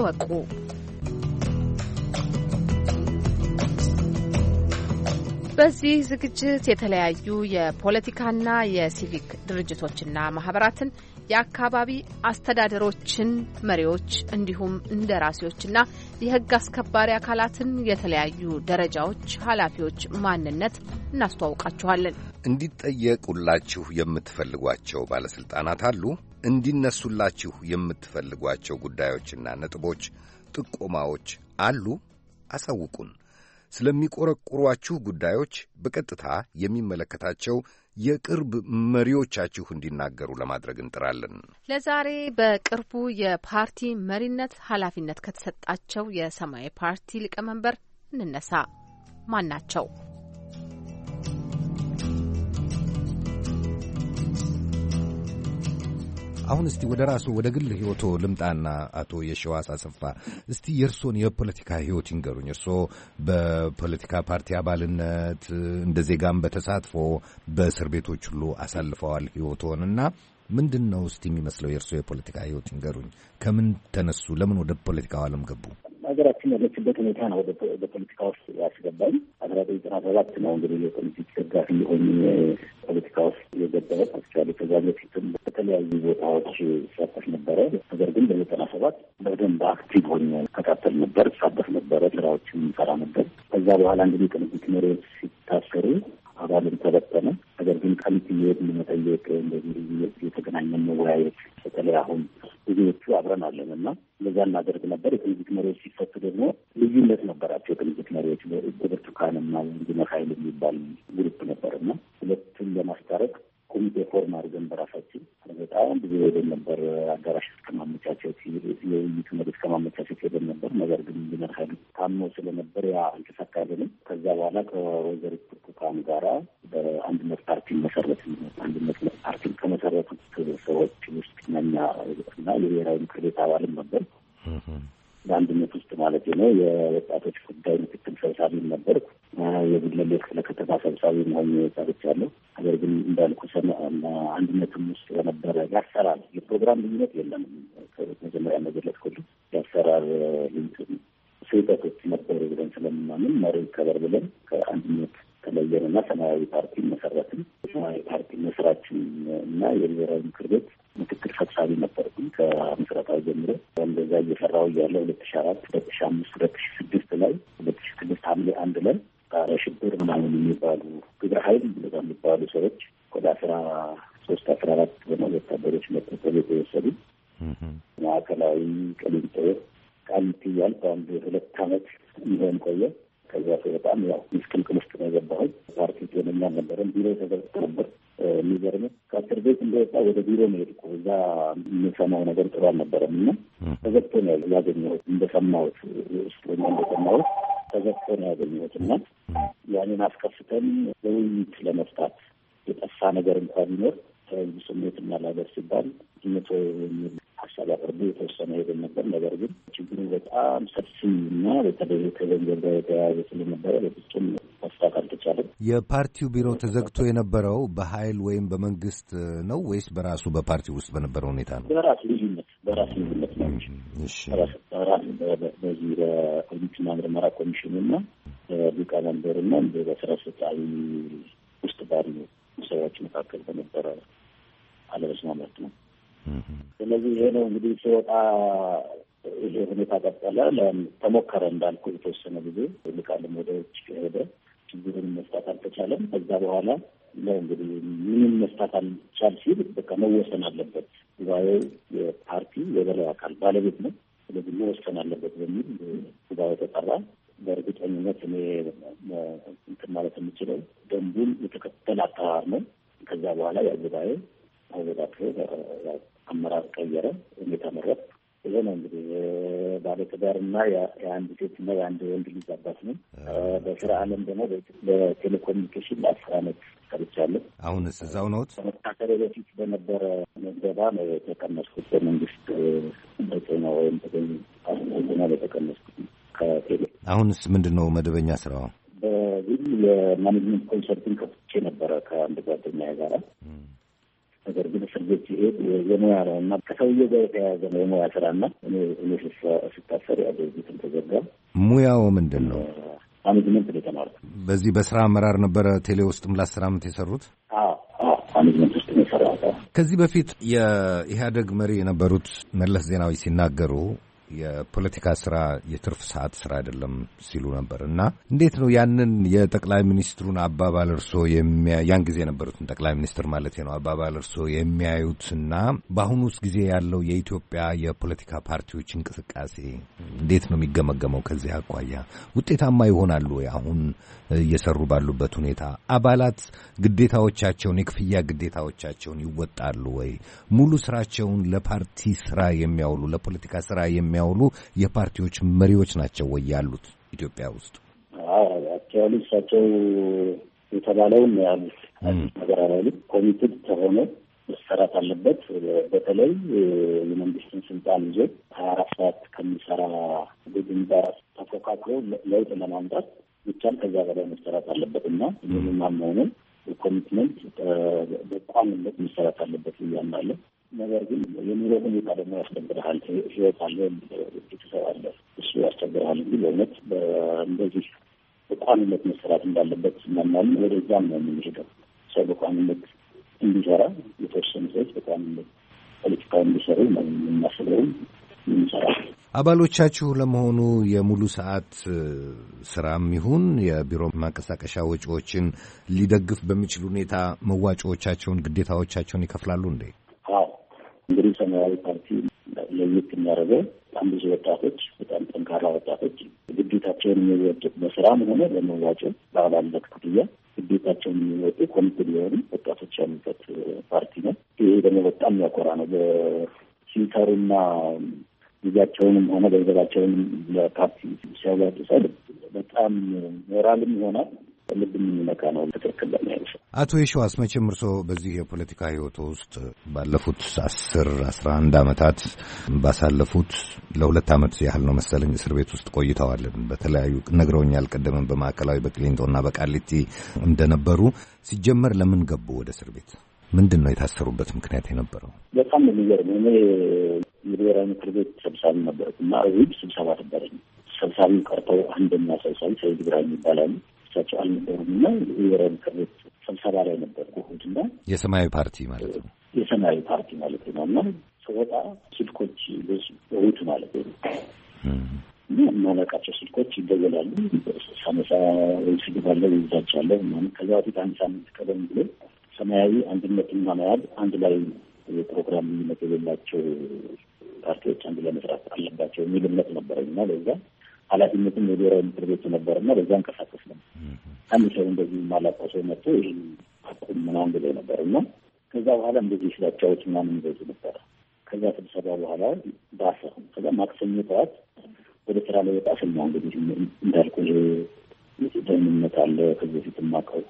እወቁ። በዚህ ዝግጅት የተለያዩ የፖለቲካና የሲቪክ ድርጅቶችና ማህበራትን የአካባቢ አስተዳደሮችን መሪዎች እንዲሁም እንደራሴዎችና የሕግ አስከባሪ አካላትን የተለያዩ ደረጃዎች ኃላፊዎች ማንነት እናስተዋውቃችኋለን። እንዲጠየቁላችሁ የምትፈልጓቸው ባለሥልጣናት አሉ። እንዲነሱላችሁ የምትፈልጓቸው ጉዳዮችና ነጥቦች፣ ጥቆማዎች አሉ። አሳውቁን። ስለሚቆረቁሯችሁ ጉዳዮች በቀጥታ የሚመለከታቸው የቅርብ መሪዎቻችሁ እንዲናገሩ ለማድረግ እንጥራለን። ለዛሬ በቅርቡ የፓርቲ መሪነት ኃላፊነት ከተሰጣቸው የሰማያዊ ፓርቲ ሊቀመንበር እንነሳ። ማን ናቸው? አሁን እስቲ ወደ ራሱ ወደ ግል ህይወቶ ልምጣና አቶ የሸዋስ አሰፋ እስቲ የእርሶን የፖለቲካ ህይወት ይንገሩኝ። እርሶ በፖለቲካ ፓርቲ አባልነት እንደ ዜጋም በተሳትፎ በእስር ቤቶች ሁሉ አሳልፈዋል እና ምንድን ነው እስቲ የሚመስለው የእርሶ የፖለቲካ ህይወት ይንገሩኝ። ከምን ተነሱ? ለምን ወደ ፖለቲካው አለም ገቡ? ሀገራችን ያለችበት ሁኔታ ነው ወደ ፖለቲካ ውስጥ ያስገባኝ። አስራ ዘጠኝ ዘጠና ሰባት ነው እንግዲህ የፖለቲክ ደጋፊ ሆኝ ፖለቲካ ውስጥ የገባው አክቹዋሊ ከዛ በፊትም በተለያዩ ቦታዎች ይሳተፍ ነበረ። ነገር ግን በዘጠና ሰባት በደንብ አክቲቭ ሆኜ እከታተል ነበር፣ እሳተፍ ነበረ፣ ስራዎችን ሰራ ነበር። ከዛ በኋላ እንግዲህ ቅንጅት መሪዎች ሲታሰሩ አባልን ተበተነ። ነገር ግን ቀሊት እየሄድ መጠየቅ እንደዚህ የተገናኘን መወያየት በተለይ አሁን ብዙዎቹ አብረን አለን እና እንደዛ እናደርግ ነበር። የድርጅት መሪዎች ሲፈቱ ደግሞ ልዩነት ነበራቸው። የድርጅት መሪዎች በብርቱካንና እንዲመ ኃይል የሚባል ግሩፕ ነበር እና ሁለቱን ለማስታረቅ ኮሚቴ ፎርም አድርገን በራስ ሳይሆን ብዙ ሄደን ነበር። አዳራሽ ከማመቻቸት የውይይቱ መሬት ከማመቻቸት ሄደን ነበር። ነገር ግን ሊመርሀ ታምኖ ስለነበር ያ አልተሳካልንም። ከዛ በኋላ ከወይዘሪት ብርቱካን ጋራ በአንድነት ፓርቲ መሰረት አንድነት ፓርቲ ከመሰረቱት ሰዎች ውስጥ መኛ እና የብሔራዊ ምክር ቤት አባልም ነበር። በአንድነት ውስጥ ማለት ነው። የወጣቶች ጉዳይ ምክትል ሰብሳቢም ነበር። የግለ las salas, los programas y las tiendas. የፓርቲው ቢሮ ተዘግቶ የነበረው በኃይል ወይም በመንግስት ነው ወይስ በራሱ በፓርቲ ውስጥ በነበረ ሁኔታ ነው? በራሱ ልዩነት በራሱ ልዩነት ነው። በዚህ በኮሚሽንና ምርመራ ኮሚሽንና ሊቀመንበርና በስራ አስፈጻሚ ውስጥ ባሉ ሰዎች መካከል በነበረ አለመስማማት ነው። ስለዚህ ይሄ ነው እንግዲህ ሲወጣ ይሄ ሁኔታ ቀጠለ። ተሞከረ እንዳልኩ የተወሰነ ጊዜ ወደ ውጭ ሄደ። ችግሩን መፍታት አልተቻለም። ከዛ በኋላ ነው እንግዲህ ምንም መፍታት አልቻል ሲል በቃ መወሰን አለበት። ጉባኤው የፓርቲ የበላይ አካል ባለቤት ነው። ስለዚህ መወሰን አለበት በሚል ጉባኤ ተጠራ። በእርግጠኝነት እኔ እንትን ማለት የምችለው ደንቡን የተከተለ አተራር ነው። ከዛ በኋላ ያ ጉባኤ አወዳድሮ አመራር ቀየረ። እኔ ተመረጥኩ። ይሄ ነው እንግዲህ ባለትዳርና የአንድ ሴትና የአንድ ወንድ ልጅ አባት ነው። በስራ አለም ደግሞ በቴሌኮሙኒኬሽን ለአስር አመት ሰርቻለሁ። አሁን እዛው ነዎት? ከመታሰሬ በፊት በነበረ ምደባ ነው የተቀመስኩት በመንግስት በጤና ወይም ጤና በተቀመስኩት ከቴሌ። አሁንስ ምንድን ነው መደበኛ ስራው? በዚህ የማኔጅመንት ኮንሰልቲንግ ከፍቼ ነበረ ከአንድ ጓደኛ ጋራ ነገር ግን እስር ቤት ሲሄድ የሙያ ነው እና ከሰውዬው ጋር የተያያዘ ነው የሙያ ስራ እና እኔ ስታሰር ያለ ቤትም ተዘጋ። ሙያው ምንድን ነው? ማኔጅመንት ነው የተማርኩት። በዚህ በስራ አመራር ነበረ። ቴሌ ውስጥም ለአስር ዓመት የሰሩት ማኔጅመንት ውስጥ ነው የሰራሁት። ከዚህ በፊት የኢህአደግ መሪ የነበሩት መለስ ዜናዊ ሲናገሩ የፖለቲካ ስራ የትርፍ ሰዓት ስራ አይደለም ሲሉ ነበር እና እንዴት ነው ያንን የጠቅላይ ሚኒስትሩን አባባል እርሶ ያን ጊዜ የነበሩትን ጠቅላይ ሚኒስትር ማለት ነው አባባል እርስዎ የሚያዩትና ውስጥ ጊዜ ያለው የኢትዮጵያ የፖለቲካ ፓርቲዎች እንቅስቃሴ እንዴት ነው የሚገመገመው? ከዚህ አኳያ ውጤታማ ይሆናሉ አሁን እየሰሩ ባሉበት ሁኔታ አባላት ግዴታዎቻቸውን የክፍያ ግዴታዎቻቸውን ይወጣሉ ወይ? ሙሉ ስራቸውን ለፓርቲ ስራ የሚያውሉ ለፖለቲካ ስራ የሚያውሉ የፓርቲዎች መሪዎች ናቸው ወይ ያሉት ኢትዮጵያ ውስጥ? አክቹዋሊ እሳቸው የተባለውን ያሉት ነገር አላሉ። ኮሚትድ ተሆነ መሰራት አለበት። በተለይ የመንግስትን ስልጣን ይዞ ሀያ አራት ሰዓት ከሚሰራ ቡድን ጋር ተፎካክሮ ለውጥ ለማምጣት ብቻም ከዛ በላይ መሰራት አለበት እና ምንም ማመሆኑን ኮሚትመንት በቋምነት መሰራት አለበት እያናለ ነገር ግን የኑሮ ሁኔታ ደግሞ ያስቸግርሃል። ህይወት አለ፣ ቤተሰብ አለ፣ እሱ ያስቸግርሃል እንጂ በእውነት እንደዚህ በቋሚነት መሰራት እንዳለበት እናምናለን። ወደዛም ነው የምንሄደው። ሰው በቋሚነት እንዲሰራ የተወሰኑ ሰዎች በቋሚነት ፖለቲካ እንዲሰሩ የምናስበውም የምንሰራው። አባሎቻችሁ ለመሆኑ የሙሉ ሰዓት ስራም ይሁን የቢሮ ማንቀሳቀሻ ወጪዎችን ሊደግፍ በሚችል ሁኔታ መዋጮዎቻቸውን፣ ግዴታዎቻቸውን ይከፍላሉ እንዴ? አዎ እንግዲህ ሰማያዊ ፓርቲ ለየት የሚያደርገው በጣም ብዙ ወጣቶች፣ በጣም ጠንካራ ወጣቶች ግዴታቸውን የሚወጡት በስራም ሆነ በመዋጮ በአባልነት ክፍያ ግዴታቸውን የሚወጡ ኮሚቴ ሊሆኑ ወጣቶች ያሉበት ፓርቲ ነው። ይሄ ደግሞ በጣም ያኮራ ነው። በፊልተሩና ጊዜያቸውንም ሆነ ገንዘባቸውንም ለፓርቲ ሲያዋጡ ሳይ በጣም ሞራልም ይሆናል ልብ የሚነካ ነው። አቶ የሸዋስ መቼም እርሶ በዚህ የፖለቲካ ህይወቶ ውስጥ ባለፉት አስር አስራ አንድ አመታት ባሳለፉት ለሁለት አመት ያህል ነው መሰለኝ እስር ቤት ውስጥ ቆይተዋል። በተለያዩ ነግረውኛል። ቀደምን በማዕከላዊ በቅሊንጦና በቃሊቲ እንደነበሩ ሲጀመር ለምን ገቡ ወደ እስር ቤት? ምንድን ነው የታሰሩበት ምክንያት የነበረው? በጣም የሚገርም እኔ የብሔራዊ ምክር ቤት ሰብሳቢ ነበረች እና እሑድ ስብሰባ ነበረኝ። ሰብሳቢ ቀርተው አንደኛ ሰብሳቢ ሰይድ ብርሃን ይባላሉ። እሳቸው አልነበሩም እና የብሔራዊ ምክር ቤት ስብሰባ ላይ ነበር እሑድ እና የሰማያዊ ፓርቲ ማለት ነው የሰማያዊ ፓርቲ ማለት ነው እና ስወጣ ስልኮች እሑድ ማለት ነው የማላውቃቸው ስልኮች ይደወላሉ። ሳነሳ ወይ ስግባለ ይዛቸዋለሁ ምናምን። ከዛ በፊት አንድ ሳምንት ቀደም ብሎ ሰማያዊ አንድነትና መያድ አንድ ላይ የፕሮግራም መገበላቸው ፓርቲዎች አንድ ለመስራት አለባቸው የሚል እምነት ነበረኝ ለዛ ኃላፊነትም የብሔራዊ ምክር ቤት ነበር እና በዛ እንቀሳቀስ ነው። አንድ ሰው እንደዚህ ማላቋ ሰው መጥቶ ይህን አቁም ምናምን ብሎ ነበር እና ከዛ በኋላ እንደዚህ ስላጫዎች ምናምን ይበዙ ነበረ። ከዛ ስብሰባ በኋላ ባሰ። ከዛ ማክሰኞ ጠዋት ወደ ስራ ላይ ወጣ ስማ እንግዲህ እንዳልኩ ደህንነት አለ። ከዚህ በፊት ማቀው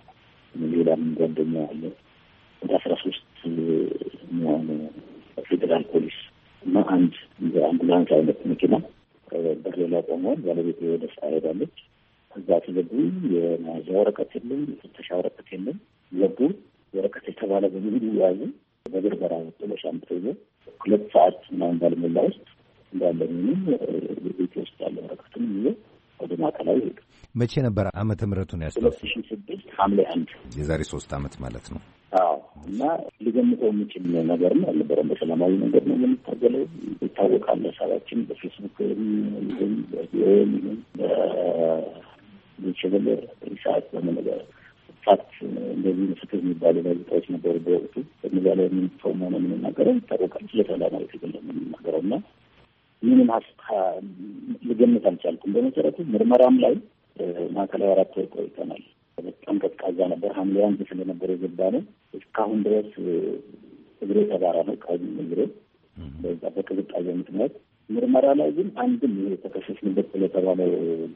ሌላ ጓደኛ አለ ወደ አስራ ሶስት የሚሆኑ ፌዴራል ፖሊስ እና አንድ የአምቡላንስ አይነት መኪና በሌላ ላይ ባለቤት ወደ ስራ ሄዳለች። እዛ ሲገቡ የመያዣ ወረቀት የለም፣ የፍተሻ ወረቀት የለም። ገቡ ወረቀት የተባለ በሙሉ ያዙ። በብርበራ መጠለሻ ምትይዘ ሁለት ሰዓት ምናምን ባልሞላ ውስጥ እንዳለ ምንም ቤት ውስጥ ያለ ወረቀትም ይዞ ወደ ማዕከላዊ ሄዱ። መቼ ነበር ዓመተ ምሕረቱን ያስ ሁለት ሺ ስድስት ሐምሌ አንድ የዛሬ ሶስት ዓመት ማለት ነው። አዎ እና ሊገምተው የሚችል ነገር ነው አልነበረም። በሰላማዊ መንገድ ነው የምንታገለው። ይታወቃል። ሀሳባችን በፌስቡክ ይሁን በቪኦኤ ይሁን በዶችቨለ ሰዓት በመነገር ፋክት እንደዚህ ምስክር የሚባሉ ጋዜጣዎች ነበሩ በወቅቱ። በነዚያ ላይ የምንፈውመ ነው የምንናገረው ይታወቃል። ስለ ሰላማዊ ትግል ነው የምንናገረው እና ይህንን ልገምት አልቻልኩም። በመሰረቱ ምርመራም ላይ ማዕከላዊ አራት ወር ቆይተናል። በጣም ቀዝቃዛ ነበር። ሐምሌ አንድ ስለነበር የገባ ነው። እስካሁን ድረስ እግሬ ተባራ ነው። ቀኝ እግሬ በዛ በቅዝቃዜ ምክንያት ምርመራ ላይ ግን አንድም የተከሰስንበት ስለተባለ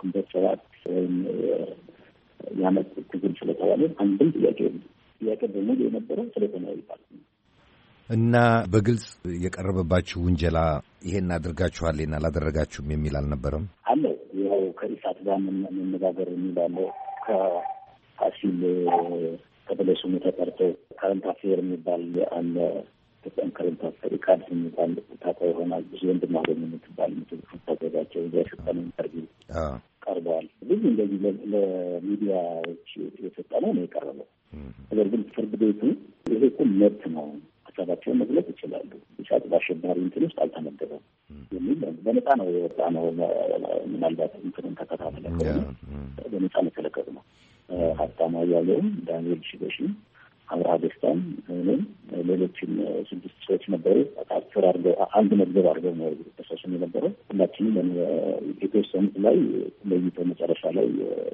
ግንቦት ሰባት ወይም የአመት ትግል ስለተባለ አንድም ጥያቄ ጥያቄ በሙሉ የነበረው ስለተለያዩ ይባል እና በግልጽ የቀረበባችሁ ውንጀላ ይሄን አድርጋችኋል ይሄን አላደረጋችሁም የሚል አልነበረም አለ። ይኸው ከኢሳት ጋር መነጋገር የሚል አለ። ከፋሲል ከበለሱም ተጠርተው ከረንት አፌር የሚባል አለ። ኢትዮጵያን ከረንት አፌር የሚባል ይሆናል። ብዙ ኢንተርቪው ቀርበዋል። ብዙ እንደዚህ ለሚዲያዎች የተጠነ ነው የቀረበው። ነገር ግን ፍርድ ቤቱ ይሄ እኮ መብት ነው ሀሳባቸውን መግለጽ ይችላሉ። ሻጥ በአሸባሪ እንትን ውስጥ አልተመደበም የሚል በነፃ ነው የወጣ ነው። ምናልባት እንትንን ተከታተለ በነፃ ነው የተለቀቅ ነው። ሀብታማ እያለውም ዳንኤል ሽበሺ አብርሃ ደስታን ወይም ሌሎችም ስድስት ሰዎች ነበሩ። ቃቸር አርገ አንድ መዝገብ አድርገው ነው ተሳሱን የነበረው ሁላችንም የተወሰኑት ላይ ለይቶ መጨረሻ ላይ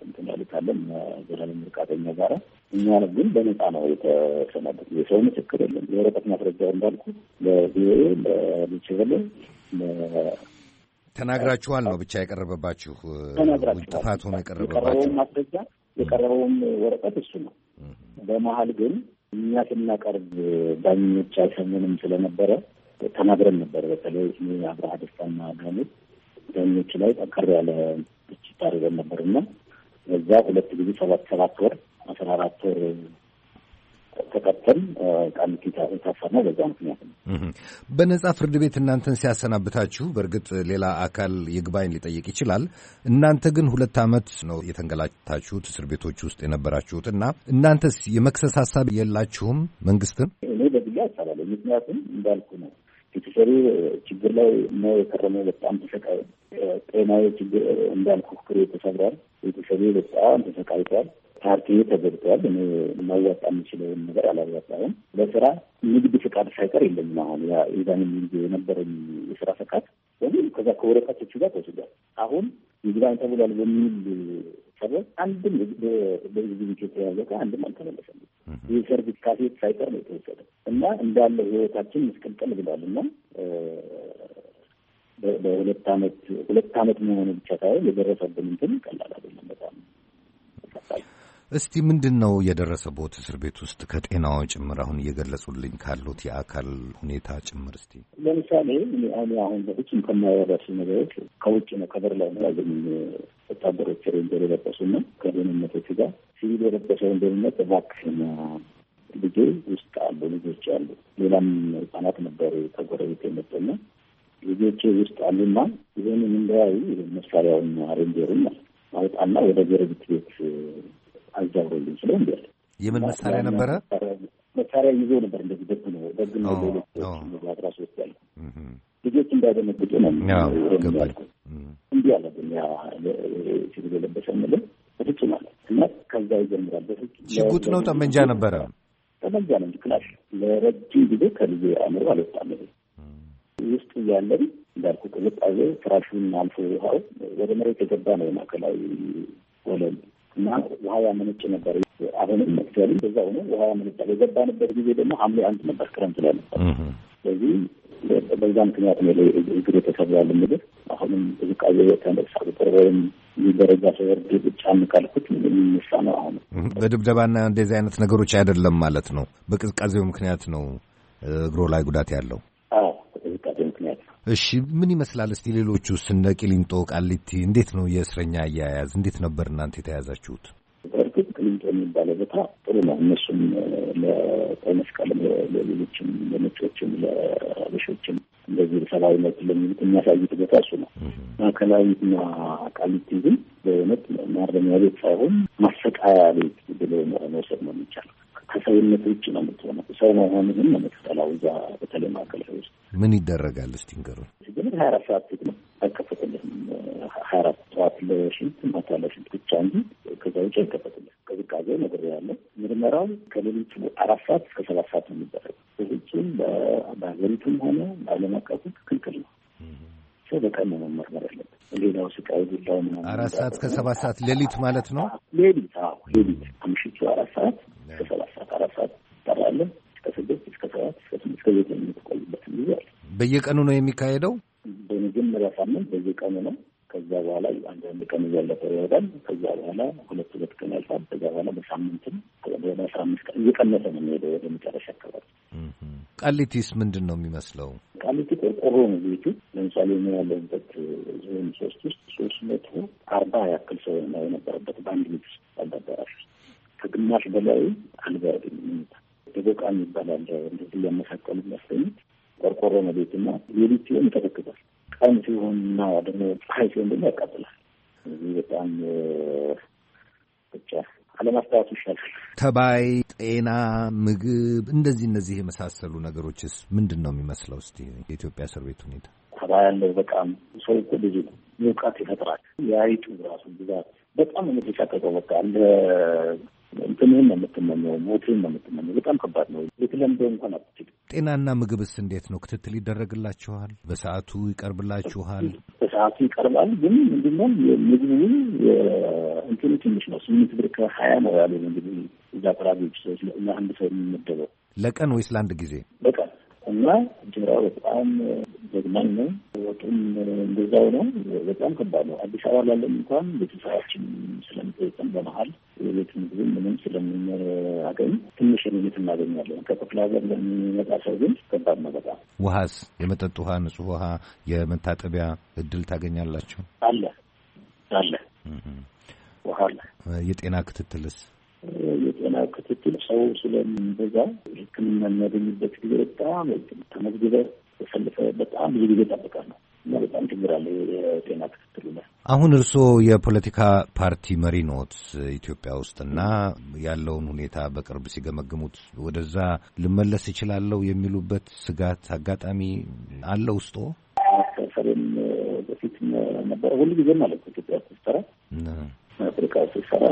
እንትን ያሉታለን ዘላለም ምርቃተኛ ጋራ እኛን ግን በነፃ ነው የተሰናበት። የሰው ምስክር የለም። የወረቀት ማስረጃ እንዳልኩ ለቪኦኤ ለሚችበለ ተናግራችኋል ነው ብቻ የቀረበባችሁ ጥፋት ጥፋቱን የቀረበባችሁ ማስረጃ የቀረበውን ወረቀት እሱ ነው። በመሀል ግን እኛ ስናቀርብ ዳኞች አይሰሙንም ስለነበረ ተናግረን ነበር። በተለይ አብርሃ ደስታና ጋሚ ዳኞች ላይ ጠንከር ያለ ትችት አድርገን ነበር እና እዛ ሁለት ጊዜ ሰባት ሰባት ወር አስራ አራት ወር ተቀተን ቃሊቲ የታሰርነው በዛ ምክንያት ነው። በነጻ ፍርድ ቤት እናንተን ሲያሰናብታችሁ፣ በእርግጥ ሌላ አካል ይግባኝ ሊጠይቅ ይችላል። እናንተ ግን ሁለት ዓመት ነው የተንገላታችሁት እስር ቤቶች ውስጥ የነበራችሁት እና እናንተስ የመክሰስ ሀሳብ የላችሁም መንግስትን? እኔ በግሌ አሳላለሁ። ምክንያቱም እንዳልኩ ነው ቤተሰቤ ችግር ላይ ነው የከረመው። በጣም ተሰቃይ ጤናዊ ችግር እንዳልኩ ክሬ ተሰብሯል። ቤተሰቤ በጣም ተሰቃይቷል። ፓርቲ ተገብቷል። እኔ ማዋጣ የምችለውን ነገር አላዋጣውም። ለስራ ንግድ ፍቃድ ሳይቀር የለኝም። አሁን የዛን ጊዜ የነበረኝ የስራ ፈቃድ በሚል ከዛ ከወረቀቶቹ ጋር ተወስዷል። አሁን ይግባኝ ተብሏል በሚል ሰበብ አንድም በህዝብ ኢትዮጵያ ያለ አንድም አልተመለሰም። የሰርቪስ ካሴት ሳይቀር ነው የተወሰደ እና እንዳለ ህይወታችን ምስቅልቅል ብሏል እና በሁለት ዓመት ሁለት ዓመት መሆኑ ብቻ ሳይሆን የደረሰብን እንትን ቀላል አይደለም በጣም እስቲ ምንድን ነው የደረሰ ቦት እስር ቤት ውስጥ ከጤናዎ ጭምር አሁን እየገለጹልኝ ካሉት የአካል ሁኔታ ጭምር እስቲ ለምሳሌ አሁን አሁን በፍጹም ከማይወራሱ ነገሮች ከውጭ ነው ከበር ላይ ነው ያገኝ ወታደሮች ሬንጀር የለበሱና ከደህንነቶቹ ጋር ሲቪል የለበሰ ደህንነት እባክሽን ልጄ ውስጥ አሉ ልጆች አሉ። ሌላም ህጻናት ነበሩ ከጎረቤት የመጡና ልጆቼ ውስጥ አሉና ይህንን እንደያዩ መሳሪያውን ሬንጀሩን ማውጣና ወደ ጎረቤት ቤት አልጃብሮልኝ ስለው እንዲ የምን መሳሪያ ነበረ? መሳሪያ ይዞ ነበር። እንደዚህ ደግ ነው ደግ ነው። ሌሎች አስራ ሶስት ያለ ልጆች እንዳይደነግጡ ነው ያልኩ። እንዲህ አለ ግን ያ ሲቪል የለበሰ ምልም በፍጹም አለ እና ከዛ ይጀምራል። በፍጹም ሽጉጥ ነው ጠመንጃ ነበረ ጠመንጃ ነው እንጂ ክላሽ ለረጅም ጊዜ ከልዜ አእምሮ አልወጣም። ውስጥ እያለን እንዳልኩ ቅዝቃዜ ፍራሹን አልፎ ውሃው ወደ መሬት የገባ ነው የማዕከላዊ ወለል እና ውሃ ያመነጭ ነበር። አሁንም መክፈሉ በዛ ሆኖ ውሃ ያመነጫል። የገባንበት ጊዜ ደግሞ ሐምሌ አንድ ነበር፣ ክረምት ላይ ነበር። ስለዚህ በዛ ምክንያት ነው እግር የተሰብሯል ምግብ አሁንም ቅዝቃዜ ተነሳ ቁጥር ወይም ደረጃ ሰወርድ ብቻም ካልኩት የሚነሳ ነው። አሁን በድብደባና እንደዚህ አይነት ነገሮች አይደለም ማለት ነው። በቅዝቃዜው ምክንያት ነው እግሮ ላይ ጉዳት ያለው እሺ ምን ይመስላል? እስቲ ሌሎቹ ስነ ቂሊንጦ፣ ቃሊቲ እንዴት ነው የእስረኛ አያያዝ? እንዴት ነበር እናንተ የተያዛችሁት? በእርግጥ ቂሊንጦ የሚባለው ቦታ ጥሩ ነው። እነሱም ለቀይ መስቀልም፣ ለሌሎችም፣ ለነጮችም፣ ለአበሾችም እንደዚህ ሰብአዊነት ለሚሉት የሚያሳዩት ቦታ እሱ ነው። ማዕከላዊና ቃሊቲ ግን በእውነት ማረሚያ ቤት ሳይሆን ማሰቃያ ቤት ብሎ መውሰድ ነው የሚቻል ከሰውነት ውጭ ነው የምትሆነው። ሰው መሆንህን ነው የምትጠላው እዛ በተለይ ማዕከላዊ ውስጥ ምን ይደረጋል? እስቲ ንገሩን። ግን ሀያ አራት ሰዓት ነው አይከፈትልህም። ሀያ አራት ጠዋት ለሽንት ማታ ለሽንት ብቻ እንጂ ከዛ ውጭ አይከፈትልህም። ቅዝቃዜ ነገር ያለ ምርመራው ከሌሎቹ አራት ሰዓት እስከ ሰባት ሰዓት ነው የሚደረግ። ህጭም በሀገሪቱም ሆነ በዓለም አቀፉ ክልክል ነው። ሰው በቀን ነው መመርመር ያለበት። ሌላው ስቃይ ሌላው ምናምን አራት ሰዓት ከሰባት ሰዓት ሌሊት ማለት ነው። ሌሊት አዎ፣ ሌሊት አምሽቱ አራት ሰዓት እስከ ሰባት ሰዓት አራት ሰዓት ይጠራለን። እስከ ስድስት እስከ ሰባት እስከ ስምንት እስከ ዘጠኝ በየቀኑ ነው የሚካሄደው። በመጀመሪያ ሳምንት በየቀኑ ነው። ከዛ በኋላ አንዳንድ ቀን እያለፈ ይወዳል። ከዛ በኋላ ሁለት ሁለት ቀን ያልፋል። ከዛ በኋላ በሳምንትም ወደ አምስት ቀን እየቀነሰ ነው የሚሄደው ወደ መጨረሻ አካባቢ። ቃሊቲስ ምንድን ነው የሚመስለው? ቃሊቲ ቆርቆሮ ነው ቤቱ። ለምሳሌ እኔ ያለሁበት ዞን ሶስት ውስጥ ሶስት መቶ አርባ ያክል ሰው የነበረበት በአንድ ቤት ውስጥ አንድ አዳራሽ ከግማሽ በላይ አልጋ ደቦቃ ይባላል። እንደዚህ እያመሳቀሉ የሚያስተኙት ቆርቆሮ ነው ቤትና የቤት ሲሆን ይቀዘቅዛል። ቀን ሲሆንና ደግሞ ፀሐይ ሲሆን ደግሞ ያቃጥላል። እዚህ በጣም ብቻ አለማስታወሱ ይሻላል። ተባይ፣ ጤና፣ ምግብ እንደዚህ እነዚህ የመሳሰሉ ነገሮችስ ምንድን ነው የሚመስለው? እስቲ የኢትዮጵያ እስር ቤት ሁኔታ ተባይ ያለው በጣም ሰው እኮ ብዙ ነው፣ ሙቀት ይፈጥራል። የአይጡ ራሱ ብዛት በጣም የምትሳቀቀው በቃ እንደ እንትንህን ነው የምትመኘው፣ ሞትህን ነው የምትመኘው። በጣም ከባድ ነው። የተለምዶ እንኳን አትችል። ጤናና ምግብስ እንዴት ነው? ክትትል ይደረግላችኋል? በሰዓቱ ይቀርብላችኋል? በሰዓቱ ይቀርባል። ግን ምንድነው ምግቡ እንትኑ ትንሽ ነው። ስምንት ብር ከሀያ ነው ያሉ እንግዲህ እዛ አቅራቢዎች ሰዎች ለአንድ ሰው የሚመደበው ለቀን ወይስ ለአንድ ጊዜ? በቀን እና እንጀራ በጣም ዘግናኝ ነው። ወጡም እንደዛው ነው። በጣም ከባድ ነው። አዲስ አበባ ላለን እንኳን ቤተሰባችን ስለምጠይቀን በመሀል የቤት ምግብ ምንም ስለምናገኝ ትንሽ ምግት እናገኛለን። ከክፍለ ሀገር ለሚመጣ ሰው ግን ከባድ ነው በጣም። ውሀስ የመጠጥ ውሃ፣ ንጹህ ውሃ፣ የመታጠቢያ እድል ታገኛላችሁ? አለ አለ፣ ውሀ አለ። የጤና ክትትልስ? የጤና ክትትል ሰው ስለሚበዛ ሕክምና የሚያገኝበት ጊዜ በጣም ተመዝግበ ሰልፈ በጣም ብዙ ጊዜ እጠብቃለሁ እና በጣም ችግር አለ የጤና ክትትሉ ላይ። አሁን እርስዎ የፖለቲካ ፓርቲ መሪ ኖት ኢትዮጵያ ውስጥ ውስጥና ያለውን ሁኔታ በቅርብ ሲገመግሙት ወደዛ ልመለስ ይችላለሁ የሚሉበት ስጋት አጋጣሚ አለ ውስጦ? ማስተሰብም በፊት ነበረ ሁሉ ጊዜ ማለት ኢትዮጵያ ስሰራ አፍሪካ ስሰራ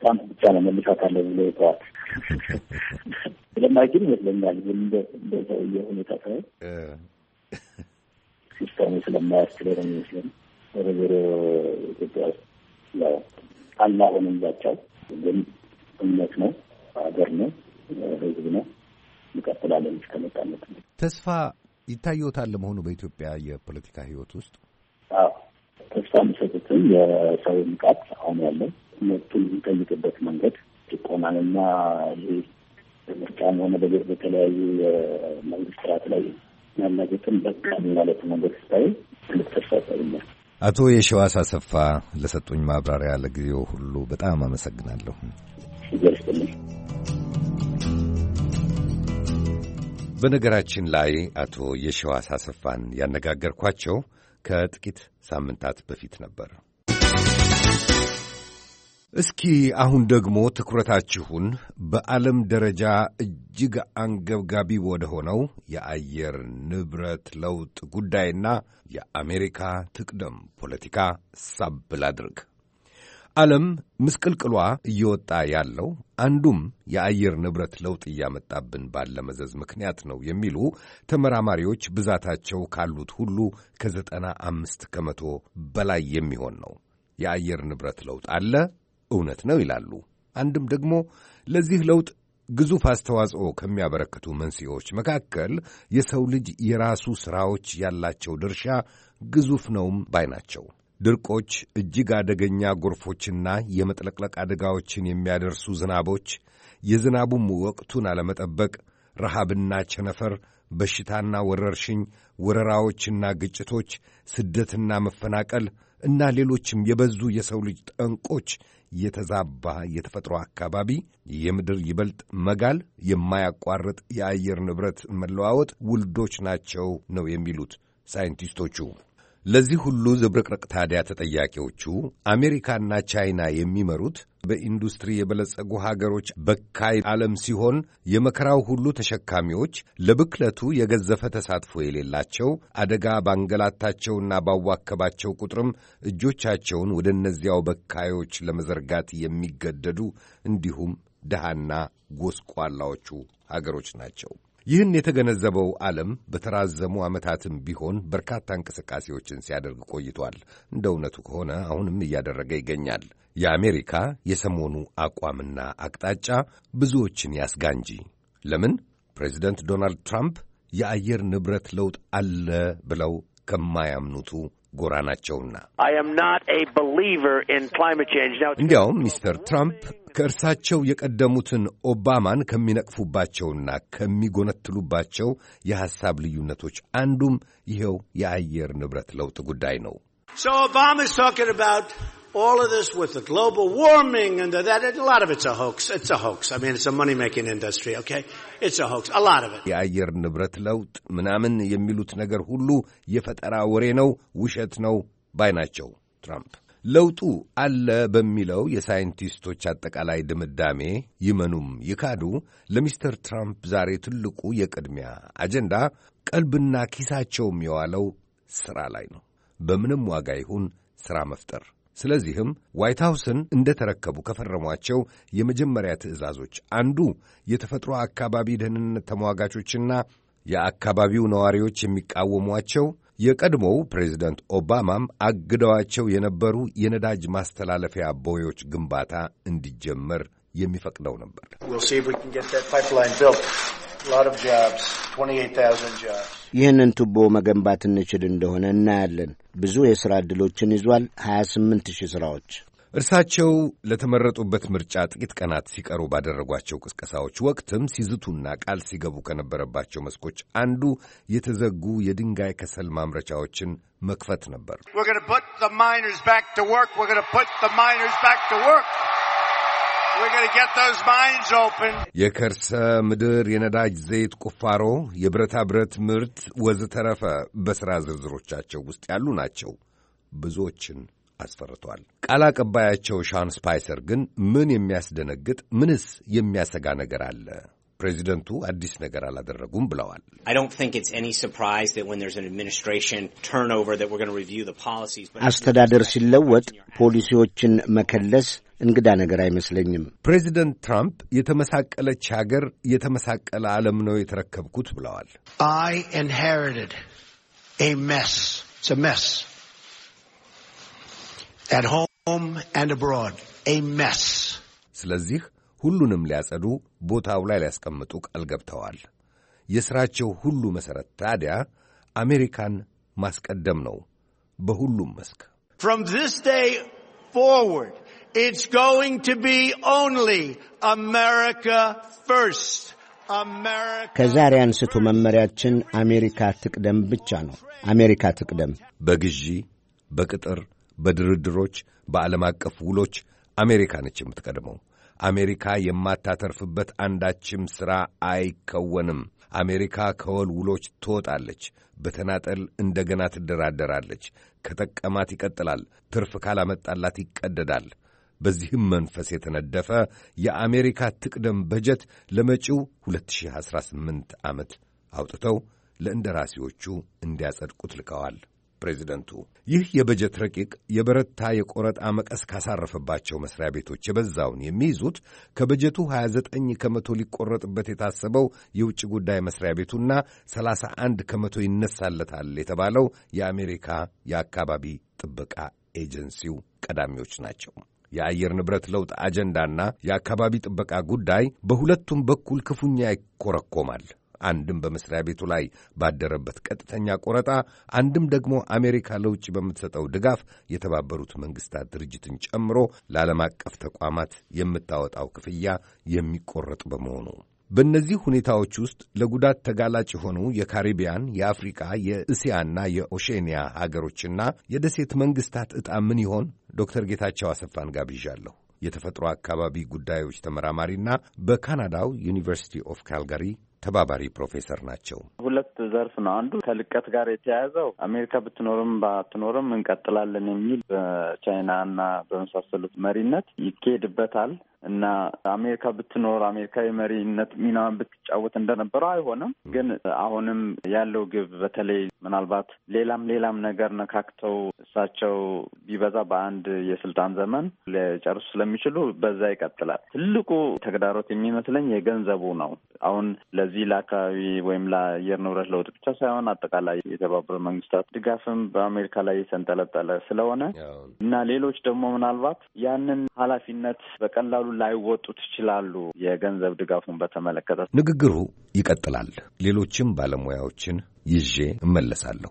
ትራምፕ ብቻ ነው መልሳት አለ ብሎ ተዋት ስለማይችል ይመስለኛል። ግን እንደ ሁኔታ ሳይሆን ሲስተሙ ስለማያስችለው ነው የሚመስለን። ዞሮ ዞሮ ኢትዮጵያ ውስጥ ያው አልሆነም ዛቻው፣ ግን እምነት ነው፣ ሀገር ነው፣ ህዝብ ነው። እንቀጥላለን እስከመጣለት። ተስፋ ይታየዎታል ለመሆኑ በኢትዮጵያ የፖለቲካ ህይወት ውስጥ? ተስፋ የሚሰጡትን የሰው ንቃት አሁን ያለው እነቱን የሚጠይቅበት መንገድ ያቆማል እና ይህ ምርጫም ሆነ በቤት በተለያዩ የመንግስት ስርዓት ላይ ያለጉትን በቃ ማለት ነገር ስታይ ትልቅ አቶ የሸዋስ አሰፋ ለሰጡኝ ማብራሪያ ለጊዜው ሁሉ በጣም አመሰግናለሁ። በነገራችን ላይ አቶ የሸዋስ አሰፋን ያነጋገርኳቸው ከጥቂት ሳምንታት በፊት ነበር። እስኪ አሁን ደግሞ ትኩረታችሁን በዓለም ደረጃ እጅግ አንገብጋቢ ወደ ሆነው የአየር ንብረት ለውጥ ጉዳይና የአሜሪካ ትቅደም ፖለቲካ ሳብል አድርግ። ዓለም ምስቅልቅሏ እየወጣ ያለው አንዱም የአየር ንብረት ለውጥ እያመጣብን ባለ መዘዝ ምክንያት ነው የሚሉ ተመራማሪዎች ብዛታቸው ካሉት ሁሉ ከዘጠና አምስት ከመቶ በላይ የሚሆን ነው። የአየር ንብረት ለውጥ አለ እውነት ነው ይላሉ። አንድም ደግሞ ለዚህ ለውጥ ግዙፍ አስተዋጽኦ ከሚያበረክቱ መንስኤዎች መካከል የሰው ልጅ የራሱ ሥራዎች ያላቸው ድርሻ ግዙፍ ነውም ባይ ናቸው። ድርቆች፣ እጅግ አደገኛ ጎርፎችና የመጥለቅለቅ አደጋዎችን የሚያደርሱ ዝናቦች፣ የዝናቡም ወቅቱን አለመጠበቅ፣ ረሃብና ቸነፈር፣ በሽታና ወረርሽኝ፣ ወረራዎችና ግጭቶች፣ ስደትና መፈናቀል እና ሌሎችም የበዙ የሰው ልጅ ጠንቆች የተዛባ የተፈጥሮ አካባቢ፣ የምድር ይበልጥ መጋል፣ የማያቋርጥ የአየር ንብረት መለዋወጥ ውልዶች ናቸው ነው የሚሉት ሳይንቲስቶቹ። ለዚህ ሁሉ ዝብርቅርቅ ታዲያ ተጠያቂዎቹ አሜሪካና ቻይና የሚመሩት በኢንዱስትሪ የበለጸጉ ሀገሮች በካይ ዓለም ሲሆን የመከራው ሁሉ ተሸካሚዎች ለብክለቱ የገዘፈ ተሳትፎ የሌላቸው አደጋ ባንገላታቸውና ባዋከባቸው ቁጥርም እጆቻቸውን ወደ እነዚያው በካዮች ለመዘርጋት የሚገደዱ እንዲሁም ድሃና ጎስቋላዎቹ ሀገሮች ናቸው። ይህን የተገነዘበው ዓለም በተራዘሙ ዓመታትም ቢሆን በርካታ እንቅስቃሴዎችን ሲያደርግ ቆይቷል። እንደ እውነቱ ከሆነ አሁንም እያደረገ ይገኛል። የአሜሪካ የሰሞኑ አቋምና አቅጣጫ ብዙዎችን ያስጋ እንጂ ለምን ፕሬዚደንት ዶናልድ ትራምፕ የአየር ንብረት ለውጥ አለ ብለው ከማያምኑቱ ጎራ ናቸውና። እንዲያውም ሚስተር ትራምፕ ከእርሳቸው የቀደሙትን ኦባማን ከሚነቅፉባቸውና ከሚጎነትሉባቸው የሐሳብ ልዩነቶች አንዱም ይኸው የአየር ንብረት ለውጥ ጉዳይ ነው። all of this with the global warming and the, that, a lot of it's a hoax. It's a hoax. I mean, it's a money-making industry, okay? It's a hoax. A lot of it. የአየር ንብረት ለውጥ ምናምን የሚሉት ነገር ሁሉ የፈጠራ ወሬ ነው፣ ውሸት ነው ባይ ናቸው ትራምፕ። ለውጡ አለ በሚለው የሳይንቲስቶች አጠቃላይ ድምዳሜ ይመኑም ይካዱ፣ ለሚስተር ትራምፕ ዛሬ ትልቁ የቅድሚያ አጀንዳ ቀልብና ኪሳቸውም የዋለው ሥራ ላይ ነው። በምንም ዋጋ ይሁን ሥራ መፍጠር ስለዚህም ዋይት እንደ እንደተረከቡ ከፈረሟቸው የመጀመሪያ ትዕዛዞች አንዱ የተፈጥሮ አካባቢ ደህንነት ተሟጋቾችና የአካባቢው ነዋሪዎች የሚቃወሟቸው የቀድሞው ፕሬዚደንት ኦባማም አግደዋቸው የነበሩ የነዳጅ ማስተላለፊያ ቦዮች ግንባታ እንዲጀመር የሚፈቅደው ነበር። ይህንን ቱቦ መገንባት እንችል እንደሆነ እናያለን። ብዙ የሥራ ዕድሎችን ይዟል፣ 28 ሺህ ሥራዎች። እርሳቸው ለተመረጡበት ምርጫ ጥቂት ቀናት ሲቀሩ ባደረጓቸው ቅስቀሳዎች ወቅትም ሲዝቱና ቃል ሲገቡ ከነበረባቸው መስኮች አንዱ የተዘጉ የድንጋይ ከሰል ማምረቻዎችን መክፈት ነበር። የከርሰ ምድር የነዳጅ ዘይት ቁፋሮ፣ የብረታ ብረት ምርት ወዘተረፈ በሥራ ዝርዝሮቻቸው ውስጥ ያሉ ናቸው። ብዙዎችን አስፈርቷል። ቃል አቀባያቸው ሻን ስፓይሰር ግን ምን የሚያስደነግጥ ምንስ የሚያሰጋ ነገር አለ? ፕሬዚደንቱ አዲስ ነገር አላደረጉም ብለዋል። አስተዳደር ሲለወጥ ፖሊሲዎችን መከለስ እንግዳ ነገር አይመስለኝም። ፕሬዚደንት ትራምፕ የተመሳቀለች ሀገር የተመሳቀለ ዓለም ነው የተረከብኩት ብለዋል። ስለዚህ ሁሉንም ሊያጸዱ ቦታው ላይ ሊያስቀምጡ ቃል ገብተዋል። የሥራቸው ሁሉ መሠረት ታዲያ አሜሪካን ማስቀደም ነው በሁሉም መስክ። ከዛሬ አንስቶ መመሪያችን አሜሪካ ትቅደም ብቻ ነው። አሜሪካ ትቅደም። በግዢ፣ በቅጥር፣ በድርድሮች፣ በዓለም አቀፍ ውሎች አሜሪካ ነች የምትቀድመው። አሜሪካ የማታተርፍበት አንዳችም ሥራ አይከወንም። አሜሪካ ከወልውሎች ትወጣለች። በተናጠል እንደገና ትደራደራለች። ከጠቀማት ይቀጥላል፣ ትርፍ ካላመጣላት ይቀደዳል። በዚህም መንፈስ የተነደፈ የአሜሪካ ትቅደም በጀት ለመጪው 2018 ዓመት አውጥተው ለእንደራሴዎቹ እንዲያጸድቁት ልከዋል። ፕሬዚደንቱ። ይህ የበጀት ረቂቅ የበረታ የቆረጣ መቀስ ካሳረፈባቸው መስሪያ ቤቶች የበዛውን የሚይዙት ከበጀቱ 29 ከመቶ ሊቆረጥበት የታሰበው የውጭ ጉዳይ መስሪያ ቤቱና 31 ከመቶ ይነሳለታል የተባለው የአሜሪካ የአካባቢ ጥበቃ ኤጀንሲው ቀዳሚዎች ናቸው። የአየር ንብረት ለውጥ አጀንዳና የአካባቢ ጥበቃ ጉዳይ በሁለቱም በኩል ክፉኛ ይኮረኮማል። አንድም በመስሪያ ቤቱ ላይ ባደረበት ቀጥተኛ ቆረጣ፣ አንድም ደግሞ አሜሪካ ለውጭ በምትሰጠው ድጋፍ የተባበሩት መንግስታት ድርጅትን ጨምሮ ለዓለም አቀፍ ተቋማት የምታወጣው ክፍያ የሚቆረጥ በመሆኑ በእነዚህ ሁኔታዎች ውስጥ ለጉዳት ተጋላጭ የሆኑ የካሪቢያን፣ የአፍሪካ፣ የእስያና የኦሼንያ ሀገሮችና የደሴት መንግስታት ዕጣ ምን ይሆን? ዶክተር ጌታቸው አሰፋን ጋብዣለሁ። የተፈጥሮ አካባቢ ጉዳዮች ተመራማሪና በካናዳው ዩኒቨርሲቲ ኦፍ ካልጋሪ ተባባሪ ፕሮፌሰር ናቸው። ሁለት ዘርፍ ነው። አንዱ ከልቀት ጋር የተያያዘው አሜሪካ ብትኖርም ባትኖርም እንቀጥላለን የሚል በቻይና እና በመሳሰሉት መሪነት ይካሄድበታል እና አሜሪካ ብትኖር አሜሪካዊ መሪነት ሚና ብትጫወት እንደነበረው አይሆንም። ግን አሁንም ያለው ግብ በተለይ ምናልባት ሌላም ሌላም ነገር ነካክተው እሳቸው ቢበዛ በአንድ የስልጣን ዘመን ሊጨርሱ ስለሚችሉ በዛ ይቀጥላል። ትልቁ ተግዳሮት የሚመስለኝ የገንዘቡ ነው። አሁን ለዚህ ለአካባቢ ወይም ለአየር ንብረት ለውጥ ብቻ ሳይሆን አጠቃላይ የተባበሩ መንግስታት ድጋፍም በአሜሪካ ላይ የተንጠለጠለ ስለሆነ እና ሌሎች ደግሞ ምናልባት ያንን ኃላፊነት በቀላሉ ላይወጡት ይችላሉ። የገንዘብ ድጋፉን በተመለከተ ንግግሩ ይቀጥላል። ሌሎችም ባለሙያዎችን ይዤ እመለሳለሁ።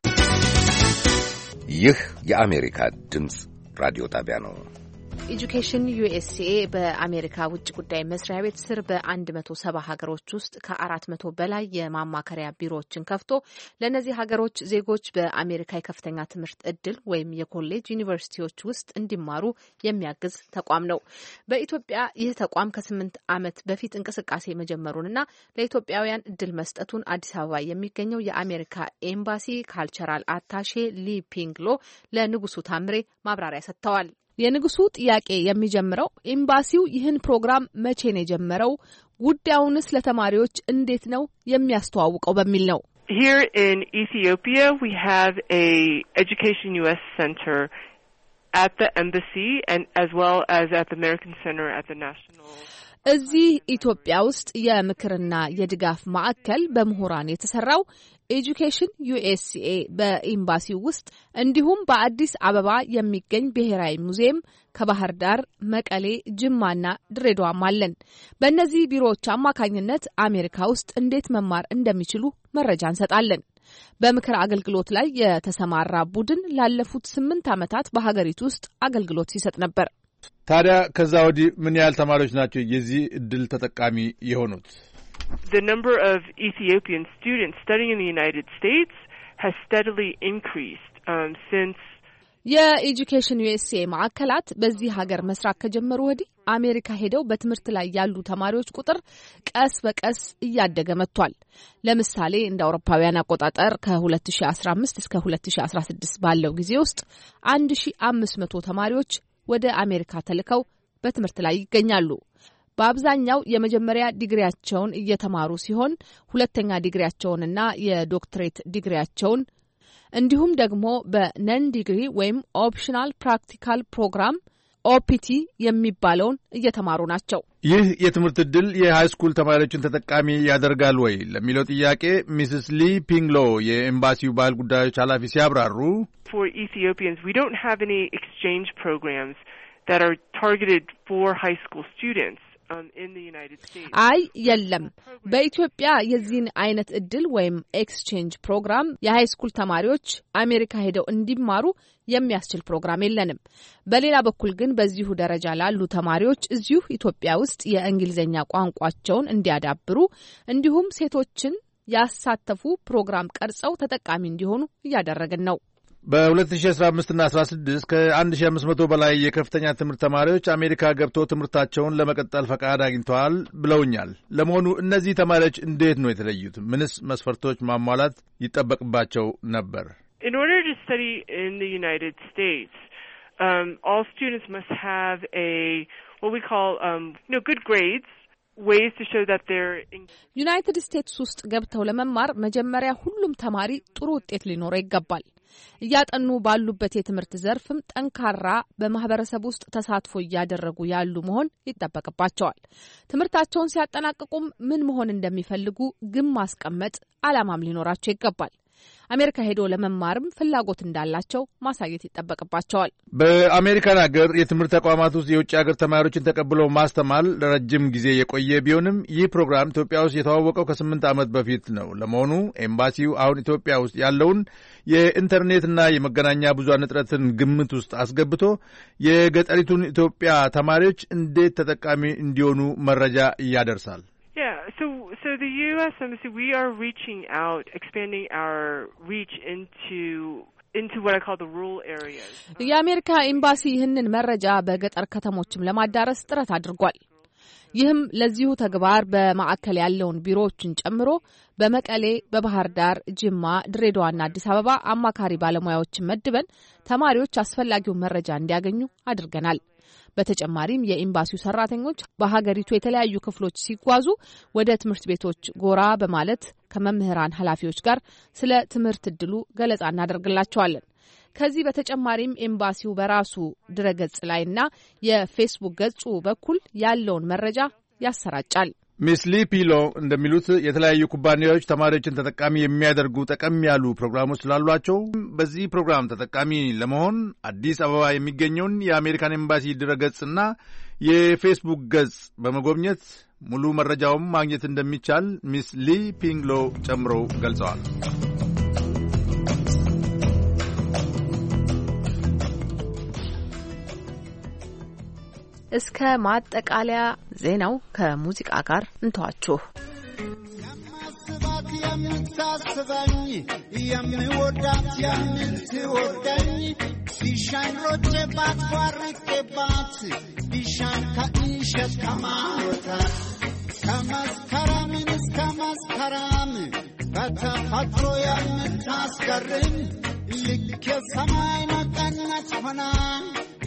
ይህ የአሜሪካ ድምፅ ራዲዮ ጣቢያ ነው። ኤጁኬሽን ዩኤስኤ በአሜሪካ ውጭ ጉዳይ መስሪያ ቤት ስር በ170 ሀገሮች ውስጥ ከ400 በላይ የማማከሪያ ቢሮዎችን ከፍቶ ለእነዚህ ሀገሮች ዜጎች በአሜሪካ የከፍተኛ ትምህርት እድል ወይም የኮሌጅ ዩኒቨርሲቲዎች ውስጥ እንዲማሩ የሚያግዝ ተቋም ነው። በኢትዮጵያ ይህ ተቋም ከስምንት ዓመት በፊት እንቅስቃሴ መጀመሩንና ለኢትዮጵያውያን እድል መስጠቱን አዲስ አበባ የሚገኘው የአሜሪካ ኤምባሲ ካልቸራል አታሼ ሊ ፒንግሎ ለንጉሱ ታምሬ ማብራሪያ ሰጥተዋል። የንጉሱ ጥያቄ የሚጀምረው ኤምባሲው ይህን ፕሮግራም መቼ ነው የጀመረው፣ ጉዳዩንስ ለተማሪዎች እንዴት ነው የሚያስተዋውቀው በሚል ነው። Here in Ethiopia, we have a Education US Center at the embassy and as well as at the American Center at the National እዚህ ኢትዮጵያ ውስጥ የምክርና የድጋፍ ማዕከል በምሁራን የተሰራው ኤጁኬሽን ዩኤስሲኤ በኤምባሲው ውስጥ እንዲሁም በአዲስ አበባ የሚገኝ ብሔራዊ ሙዚየም ከባህር ዳር፣ መቀሌ፣ ጅማና ድሬዳዋም አለን። በእነዚህ ቢሮዎች አማካኝነት አሜሪካ ውስጥ እንዴት መማር እንደሚችሉ መረጃ እንሰጣለን። በምክር አገልግሎት ላይ የተሰማራ ቡድን ላለፉት ስምንት ዓመታት በሀገሪቱ ውስጥ አገልግሎት ሲሰጥ ነበር። ታዲያ ከዛ ወዲህ ምን ያህል ተማሪዎች ናቸው የዚህ እድል ተጠቃሚ የሆኑት? the number of Ethiopian students studying in the United States has steadily increased um, since የኤጁኬሽን ዩኤስኤ ማዕከላት በዚህ ሀገር መስራት ከጀመሩ ወዲህ አሜሪካ ሄደው በትምህርት ላይ ያሉ ተማሪዎች ቁጥር ቀስ በቀስ እያደገ መጥቷል። ለምሳሌ እንደ አውሮፓውያን አቆጣጠር ከ2015 እስከ 2016 ባለው ጊዜ ውስጥ 1500 ተማሪዎች ወደ አሜሪካ ተልከው በትምህርት ላይ ይገኛሉ። በአብዛኛው የመጀመሪያ ዲግሪያቸውን እየተማሩ ሲሆን ሁለተኛ ዲግሪያቸውንና የዶክትሬት ዲግሪያቸውን እንዲሁም ደግሞ በነን ዲግሪ ወይም ኦፕሽናል ፕራክቲካል ፕሮግራም ኦፒቲ የሚባለውን እየተማሩ ናቸው። ይህ የትምህርት ዕድል የሃይስኩል ተማሪዎችን ተጠቃሚ ያደርጋል ወይ ለሚለው ጥያቄ ሚስስ ሊ ፒንግሎ የኤምባሲው ባህል ጉዳዮች ኃላፊ ሲያብራሩ ፕሮግራምስ Um, አይ የለም፣ በኢትዮጵያ የዚህን አይነት እድል ወይም ኤክስቼንጅ ፕሮግራም የሀይ ስኩል ተማሪዎች አሜሪካ ሄደው እንዲማሩ የሚያስችል ፕሮግራም የለንም። በሌላ በኩል ግን በዚሁ ደረጃ ላሉ ተማሪዎች እዚሁ ኢትዮጵያ ውስጥ የእንግሊዝኛ ቋንቋቸውን እንዲያዳብሩ እንዲሁም ሴቶችን ያሳተፉ ፕሮግራም ቀርጸው ተጠቃሚ እንዲሆኑ እያደረግን ነው። በ2015 እና 16 ከ1500 በላይ የከፍተኛ ትምህርት ተማሪዎች አሜሪካ ገብቶ ትምህርታቸውን ለመቀጠል ፈቃድ አግኝተዋል ብለውኛል። ለመሆኑ እነዚህ ተማሪዎች እንዴት ነው የተለዩት? ምንስ መስፈርቶች ማሟላት ይጠበቅባቸው ነበር? In order to study in the United States, um, all students must have a what we call um, you know, good grades. ዩናይትድ ስቴትስ ውስጥ ገብተው ለመማር መጀመሪያ ሁሉም ተማሪ ጥሩ ውጤት ሊኖረው ይገባል። እያጠኑ ባሉበት የትምህርት ዘርፍም ጠንካራ በማህበረሰብ ውስጥ ተሳትፎ እያደረጉ ያሉ መሆን ይጠበቅባቸዋል። ትምህርታቸውን ሲያጠናቅቁም ምን መሆን እንደሚፈልጉ ግን ማስቀመጥ ዓላማም ሊኖራቸው ይገባል። አሜሪካ ሄዶ ለመማርም ፍላጎት እንዳላቸው ማሳየት ይጠበቅባቸዋል። በአሜሪካን ሀገር የትምህርት ተቋማት ውስጥ የውጭ ሀገር ተማሪዎችን ተቀብሎ ማስተማር ለረጅም ጊዜ የቆየ ቢሆንም ይህ ፕሮግራም ኢትዮጵያ ውስጥ የተዋወቀው ከስምንት ዓመት በፊት ነው። ለመሆኑ ኤምባሲው አሁን ኢትዮጵያ ውስጥ ያለውን የኢንተርኔትና የመገናኛ ብዙሃን እጥረትን ግምት ውስጥ አስገብቶ የገጠሪቱን ኢትዮጵያ ተማሪዎች እንዴት ተጠቃሚ እንዲሆኑ መረጃ እያደርሳል? So, so the U.S. Embassy, we are reaching out, expanding our reach into የአሜሪካ ኤምባሲ ይህንን መረጃ በገጠር ከተሞችም ለማዳረስ ጥረት አድርጓል። ይህም ለዚሁ ተግባር በማዕከል ያለውን ቢሮዎችን ጨምሮ በመቀሌ፣ በባህር ዳር፣ ጅማ፣ ድሬዳዋና አዲስ አበባ አማካሪ ባለሙያዎችን መድበን ተማሪዎች አስፈላጊውን መረጃ እንዲያገኙ አድርገናል። በተጨማሪም የኤምባሲው ሰራተኞች በሀገሪቱ የተለያዩ ክፍሎች ሲጓዙ ወደ ትምህርት ቤቶች ጎራ በማለት ከመምህራን ኃላፊዎች ጋር ስለ ትምህርት እድሉ ገለጻ እናደርግላቸዋለን። ከዚህ በተጨማሪም ኤምባሲው በራሱ ድረገጽ ላይና የፌስቡክ ገጹ በኩል ያለውን መረጃ ያሰራጫል። ሚስ ፒሎ እንደሚሉት የተለያዩ ኩባንያዎች ተማሪዎችን ተጠቃሚ የሚያደርጉ ጠቀም ያሉ ፕሮግራሞች ስላሏቸው በዚህ ፕሮግራም ተጠቃሚ ለመሆን አዲስ አበባ የሚገኘውን የአሜሪካን ኤምባሲ ድረገጽና የፌስቡክ ገጽ በመጎብኘት ሙሉ መረጃውን ማግኘት እንደሚቻል ሚስ ሊ ፒንግሎ ጨምረው ገልጸዋል። እስከ ማጠቃለያ ዜናው ከሙዚቃ ጋር እንተዋችሁ። የማስባት የምታስበኝ የምወዳት የምትወደኝ ቢሻኝ ሮጬባት ባርቄባት ቢሻን ከእንሸት ከማወጣት ከመስከረም እስከ መስከረም በተፈጥሮ የምታስገርም ልክ የሰማይ መቀነት ሆና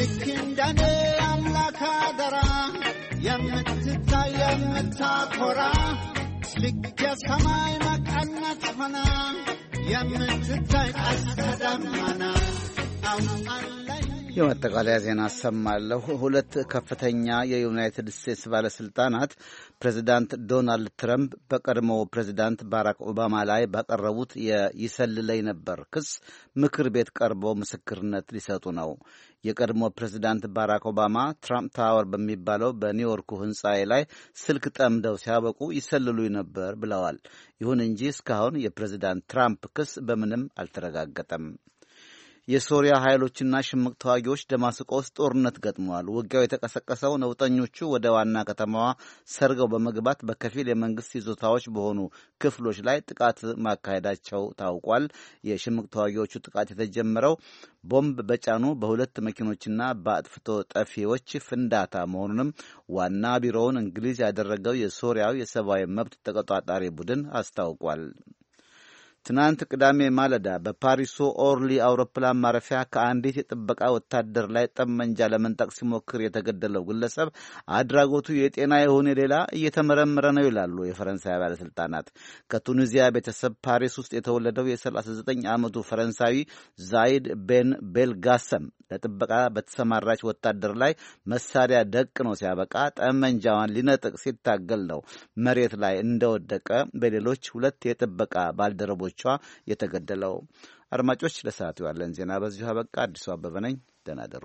ልክ እንደኔ አምላክ አደራ የምትታይ የምታኮራ ልክ የሰማይ መቀነት ሆና የምትታይ የማጠቃለያ ዜና አሰማለሁ። ሁለት ከፍተኛ የዩናይትድ ስቴትስ ባለስልጣናት ፕሬዚዳንት ዶናልድ ትራምፕ በቀድሞው ፕሬዚዳንት ባራክ ኦባማ ላይ ባቀረቡት የይሰልለኝ ነበር ክስ ምክር ቤት ቀርበው ምስክርነት ሊሰጡ ነው። የቀድሞ ፕሬዚዳንት ባራክ ኦባማ ትራምፕ ታወር በሚባለው በኒውዮርኩ ህንፃዬ ላይ ስልክ ጠምደው ሲያበቁ ይሰልሉኝ ነበር ብለዋል። ይሁን እንጂ እስካሁን የፕሬዚዳንት ትራምፕ ክስ በምንም አልተረጋገጠም። የሶሪያ ኃይሎችና ሽምቅ ተዋጊዎች ደማስቆ ውስጥ ጦርነት ገጥመዋል። ውጊያው የተቀሰቀሰው ነውጠኞቹ ወደ ዋና ከተማዋ ሰርገው በመግባት በከፊል የመንግስት ይዞታዎች በሆኑ ክፍሎች ላይ ጥቃት ማካሄዳቸው ታውቋል። የሽምቅ ተዋጊዎቹ ጥቃት የተጀመረው ቦምብ በጫኑ በሁለት መኪኖችና በአጥፍቶ ጠፊዎች ፍንዳታ መሆኑንም ዋና ቢሮውን እንግሊዝ ያደረገው የሶሪያው የሰብአዊ መብት ተቆጣጣሪ ቡድን አስታውቋል። ትናንት ቅዳሜ ማለዳ በፓሪሱ ኦርሊ አውሮፕላን ማረፊያ ከአንዲት የጥበቃ ወታደር ላይ ጠመንጃ ለመንጠቅ ሲሞክር የተገደለው ግለሰብ አድራጎቱ የጤና የሆነ ሌላ እየተመረመረ ነው ይላሉ የፈረንሳይ ባለሥልጣናት። ከቱኒዚያ ቤተሰብ ፓሪስ ውስጥ የተወለደው የ39 ዓመቱ ፈረንሳዊ ዛይድ ቤን ቤልጋሰም ለጥበቃ በተሰማራች ወታደር ላይ መሳሪያ ደቅ ነው ሲያበቃ ጠመንጃዋን ሊነጥቅ ሲታገል ነው መሬት ላይ እንደወደቀ በሌሎች ሁለት የጥበቃ ባልደረቦች ጠላቶቿ የተገደለው። አድማጮች ለሰዓቱ ያለን ዜና በዚሁ አበቃ። አዲሱ አበበ ነኝ። ደህና ደሩ።